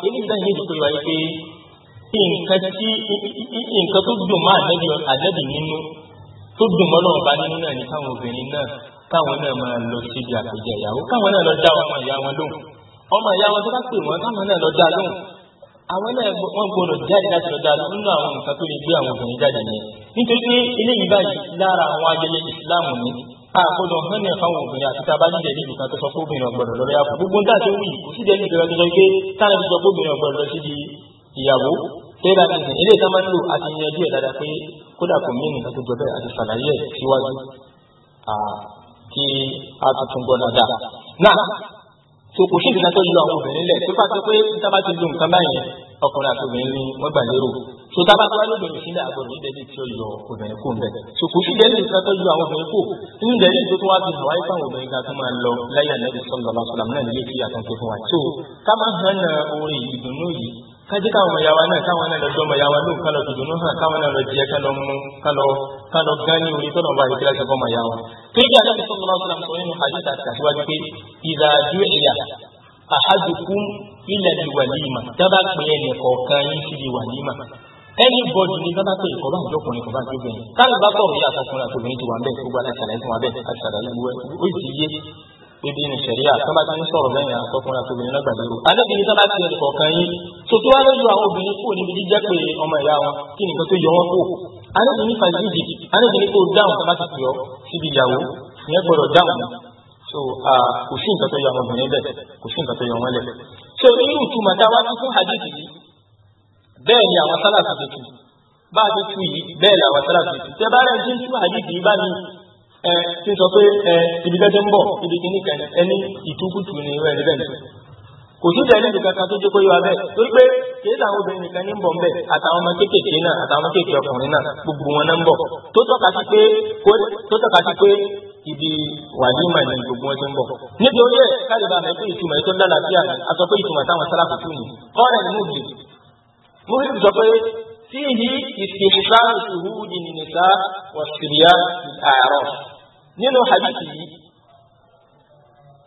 èyí ìdáhùn yìí ti pè wáyé pé nǹkan tí nǹkan tó dùn mọ́ àdẹ́bì àdẹ́bì nínú tó dùn mọ́ lọ́wọ́ bá nínú náà ní káwọn obìnrin náà káwọn náà máa lọ síbi àpèjẹ ìyàwó káwọn náà lọ dá ọmọ ìyá wọn lóhùn ọmọ ìyá wọn tó bá pè wọn káwọn náà lọ dá lóhùn àwọn náà wọn gbọ́dọ̀ jáde láti lọ dá lóhùn nínú àwọn nǹkan tó lè gbé àwọn obìnrin jáde yẹn nítorí pé eléyìí báyìí lára àwọn ajẹlẹ ìsìláàmù ni àgbọ̀dọ̀ hàn ní ẹ̀fọ́ obìnrin àti tábà nílẹ̀ níbi kan tó sọ pé obìnrin ọ̀gbọ̀dọ̀ lọ́rẹ́ àpò gbogbo nígbà tó wù kò sídẹ̀ níbi kan tó sọ pé táwọn ẹbí sọ pé obìnrin ọ̀gbọ̀dọ̀ lọ sí di ìyàwó tẹ́lá nìyí ilé ìta máa ń lò àti yanjú ẹ̀ dáadáa pé kódà kò mí nìkan tó jọ bẹ́ẹ̀ àti sàlàyé ẹ̀ síwájú kí a tuntun gbọ́ dáadáa. náà tó kò sí ìdílé tó yọ àwọn obìnrin lẹ̀ pípa tó pé tábà ti lo nǹkan báyìí ọkùnrin àti obìnrin ni wọ́n gbà lérò tó tá a bá tó wáyé lóbìnrin sílẹ̀ àgbọ̀dọ̀ ní dẹ́lí tí ó yọ obìnrin kò ń bẹ̀ so kò sí dẹ́lí nǹkan tó yọ àwọn obìnrin kò nínú dẹ́lí tó tó wá fi hàn wáyé fáwọn obìnrin ga tó máa lọ láyé ànábì sọ́nà ọ̀la sọ́nà náà nílé fi àtúntò fún wa so ká máa hàn na orin ìdùnnú yìí kájí káwọn ọmọ yàwá náà káwọn náà lọ jọ ọmọ yàwá lóhùn kálọ dùdùnú hàn káwọn náà lọ jẹ kálọ mú kálọ kálọ gán orí tọnà ọba ìdílé àti ọmọ yàwá. torí bí alábi sọ́kùnrin ọ̀sán àti ọ̀yẹ́nu àdìsá àti àtiwájú pé ìdájú ẹ̀yà àhádùkú ilẹ̀ di wàlíìmà dábàá pé ẹnì kọ̀ọ̀kan yín sí di wàlíìmà ẹni bọ́dù ní dábàá pé ìkọ́ bá ń jókòó ní ìkọ́ bá ń jókòó yẹn káàlù bá bọ̀rọ̀ yà àtọkùnrin àtọkùnrin ti wà ń bẹ̀ gbogbo alẹ́ ṣàlàyé fún wa bẹ́ẹ̀ àṣàlàyé wẹ́ ó sì yé ebi ní sẹ̀ríà tó bá ti ń sọ̀rọ̀ lẹ́yìn àtọkùnrin àtọkùnrin náà gbàdúrà alábìyí tó bá ti ẹnì kọ̀ọ̀kan yín tòtò wá lójú àwọn obìnrin kúrò níbi jíjẹ́ pé ọmọ ìyá wọn kí nìkan tó yọ wọn kó alábìyí fàzídì alábìyí kò dáhùn tó bá ti pè ọ́ síbi ìyàwó ìyẹn gbọ́dọ̀ dáhùn so kò sí nǹkan tó yọ àwọn obìnrin bẹ́ẹ̀ kò sí nǹkan tó yọ wọn lẹ̀ so irú ìtumọ̀ tá a wá fún hadithi yìí bẹ́ẹ̀ ni àwọn sálà ti bá a ti tu yìí bẹ́ẹ̀ làwọn sálà ti tu tẹ bá rẹ̀ ti ń hadithi ibi tẹ́tẹ́ ń bọ̀ ibi kìíní kan ẹni ni ìwé kò sí ìdẹ́lẹ́ nìkan kan tó jókòó yíwa bẹ́ẹ̀ torí pé kìí sàwọn obìnrin nìkan ní ń bọ̀ ńbẹ̀ àtàwọn ọmọ kéékèèké náà àtàwọn ọmọ kéékèèké ọkùnrin náà gbogbo wọn náà ń bọ̀ tó tọ́ka sí pé tó tọ́ka sí pé ibi wàlímà ni gbogbo wọn ti ń bọ̀. nítorí ẹ̀ káàdìbà mẹ́fì ìtumọ̀ ètò lálàáfíà ni a sọ pé ìtumọ̀ táwọn sáláfù tún ni kọ́ọ̀rẹ́ ni múbi múbi sọ pé fíìhì ìsìnkú ìṣòwò ìnìnìta wọ̀sìrìyà àárọ̀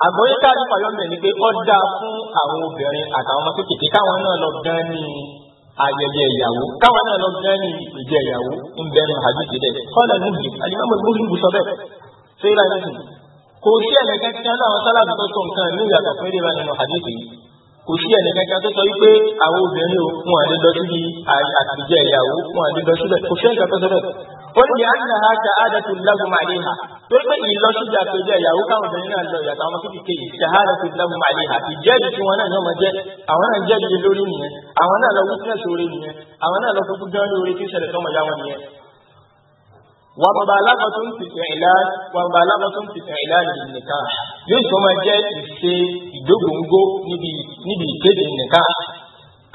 àgbọ̀yé káàdì pàyọ́mẹ̀ ni pé ó dáa fún àwọn obìnrin àtàwọn ọmọ kékeré káwọn náà lọ gan ni ayẹyẹ ìyàwó káwọn náà lọ gan ni ìpèjẹ ìyàwó ń bẹnu àdìsí sọ bẹ́ẹ̀ ṣé ìlà yẹn kò sí ẹ̀nẹ́ kankan náà sálábì tó sọ nǹkan ní ìyàtọ̀ fún nínú àdìsí kò sí tó sọ wípé àwọn obìnrin onye ní ha ṣàhádàtú lahum àléhà tó pé ìlọsídìí àpèjẹ ìyàwó káwọn obìnrin náà ka yàtọ̀ àwọn kékeré yìí ṣàhádàtú lahum àléhà ìjẹ́rìí tí wọn náà yọmọ jẹ àwọn náà jẹ́rìí lórí nìyẹn àwọn náà lọ witness orí nìyẹn àwọn náà lọ fojú gan lórí tí ìṣẹ̀lẹ̀ tọmọ yá wọn nìyẹn. wà bàbá alákọ̀tún ti ma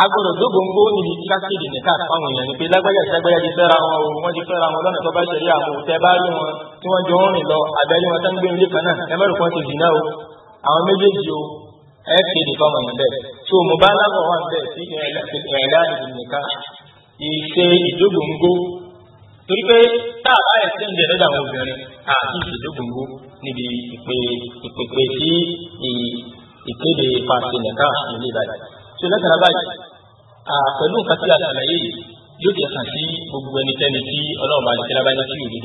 agbọ́dọ̀ dógóńgó níbi kákéde nìka fáwọn èèyàn ni pé lágbájá ìsagbájá ti fẹ́ra wọn o wọ́n ti fẹ́ra wọn lọ́nà tó bá ṣẹlẹ̀ àwọn òtẹ́ bá rí wọn tí wọ́n jọ ń rìn lọ àbẹ́rí wọn sáńgbé ilé kan náà ẹ mẹ́rin kan ti dì náà o àwọn méjèèjì o ẹ kéde fáwọn èèyàn bẹ́ẹ̀ tó mo bá lábọ̀ wọn bẹ́ẹ̀ sí ẹ̀ẹ́dá ìdìbò nìka ìṣe ìdógóńgó torí pé táàbá ẹ̀sìn ìjẹ́ lọ́dọ̀ àwọn obìnrin àti ìṣèdógóńgó níbi ìpèpè sí ìkéde ìpàṣẹ nìka ìlú Ìbàdàn tó lẹ́tàrà báyìí pẹ̀lú nǹkan tí a ṣàlàyé yìí yóò jẹ́ kàn sí gbogbo ẹnikẹ́ni tí ọlọ́run bá ti tẹ́lá báyìí kí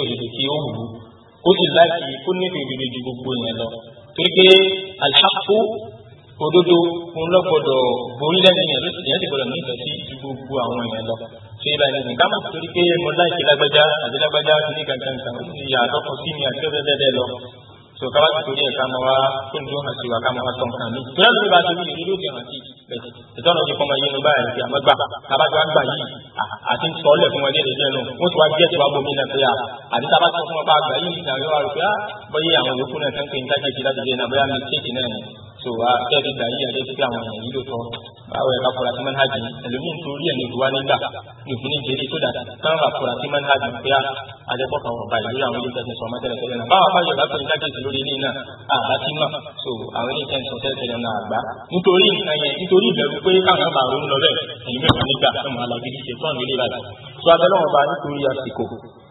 òdodo kí kí òdodo kí ó wù ú ó sì láti kó níbi òdodo ju gbogbo yẹn lọ torí pé alhaqu òdodo ń lọ́gbọ́dọ̀ borí lẹ́nu yẹn ló sì yẹn ti gbọ́dọ̀ nífẹ̀ẹ́ sí ju gbogbo àwọn yẹn lọ ṣe ìlànà ìrìn ká torí pé mo láìsí lágbájá àti lágbájá kankan kan ó sì yà àtọ́kọ sí mi tó ká wá ti torí ẹ̀ ká mọ wá kí n tó hàn sí wa ká mọ wá sọ nǹkan mi. tó lọ́dún bá ti wí ìrírí òkè hàn sí bẹ̀rẹ̀ ìtọ́nà ti fọmọ yẹnu báyìí ti àmọ́ gbà tába tó wá gbà yìí àti sọ́ọ̀lẹ̀ fún wọn léde jẹ́nu wọ́n ti wá jẹ́ tó wá bomi náà pé à àti tába wọn bá gbà yìí ìdàgbé wa rò pé à bọ́yé àwọn yòókù náà tán pé nǹkan kéèké so a kẹ́ẹ̀dì gbà yí ẹ̀jẹ̀ pé àwọn èèyàn yìí ló tọ́ báwo ẹ̀ bá kọ́ra sí manhaj ẹlòmíín torí ẹ̀ ló wá nígbà nìkún ní jẹ́rìí tó dà tán bá kọ́ra sí manhaj pé àjẹpọ̀ ah, kan wọ̀ báyìí lórí àwọn ilé ìtẹ̀sìn sọ ọmọ náà báwa so àwọn ilé ìtẹ̀sìn sọ tẹ́lẹ̀ tẹ́lẹ̀ náà àgbá nítorí nǹkan yẹn nítorí ìbẹ̀rù pé káwọn bá ronú lọ bẹ́ẹ̀ ẹ̀yìn mẹ́ta nígbà tó máa so abẹ́lẹ́ wọn bá nítorí àsìkò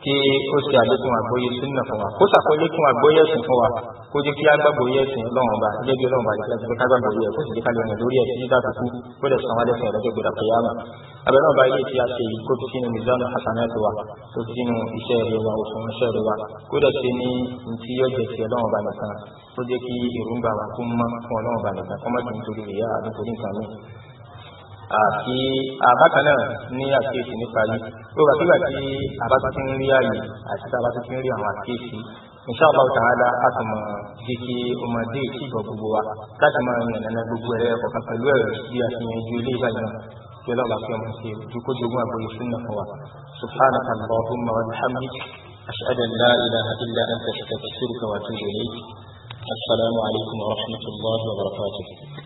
kí ó ṣe àlékún àgbóyé sínú fún wa kó ṣàkóyé fún àgbóyé ẹ̀sìn fún wa kó jẹ́ kí á gbàgbóyé ẹ̀sìn ọlọ́run ọba jẹ́ bí ọlọ́run ọba jẹ́ kí á gbàgbóyé ẹ̀kọ́ sì dékalẹ̀ ọ̀nà lórí ẹ̀sìn nígbà tó kú kó lè san wá lẹ́sìn ọ̀dọ́jọ́ gbọdọ̀ pé yáàmà abẹ́rẹ́ ọba ilé tí a ṣe yìí kó fi sínú mizanu hasanat wa kó sínú iṣẹ́ rẹ̀ wa òfin iṣẹ́ rẹ̀ wa kó lè ṣe ní ti yóò jẹ́ ti ọlọ́run ọba nìkan kó jẹ́ kí èròǹgbà wa kó mọ́ fún ọlọ́run ọba nìkan kó nítorí ìyá nítorí nǹkan mìíràn àti àbákan náà ní àkíyèsí nípa yìí tó bá kígbà tí àbátútí ń rí ààyè àti àbátútí ń rí àwọn àkíyèsí inṣàlá ta'ala àtùmọ̀ jẹ́ kí ọmọdé ìṣìgbọ̀ gbogbo wa láti máa yàn nana gbogbo ẹ̀rẹ́ ọ̀kan pẹ̀lú ẹ̀rọ bí a ti yanjú ilé ìbàjẹ́ náà kí ọlọ́ba fi ọmọ ṣe dúkó jogún àgbóyè súnà fún wa subhanaka allahumma wa bihamdika ashhadu an la ilaha illa anta astaghfiruka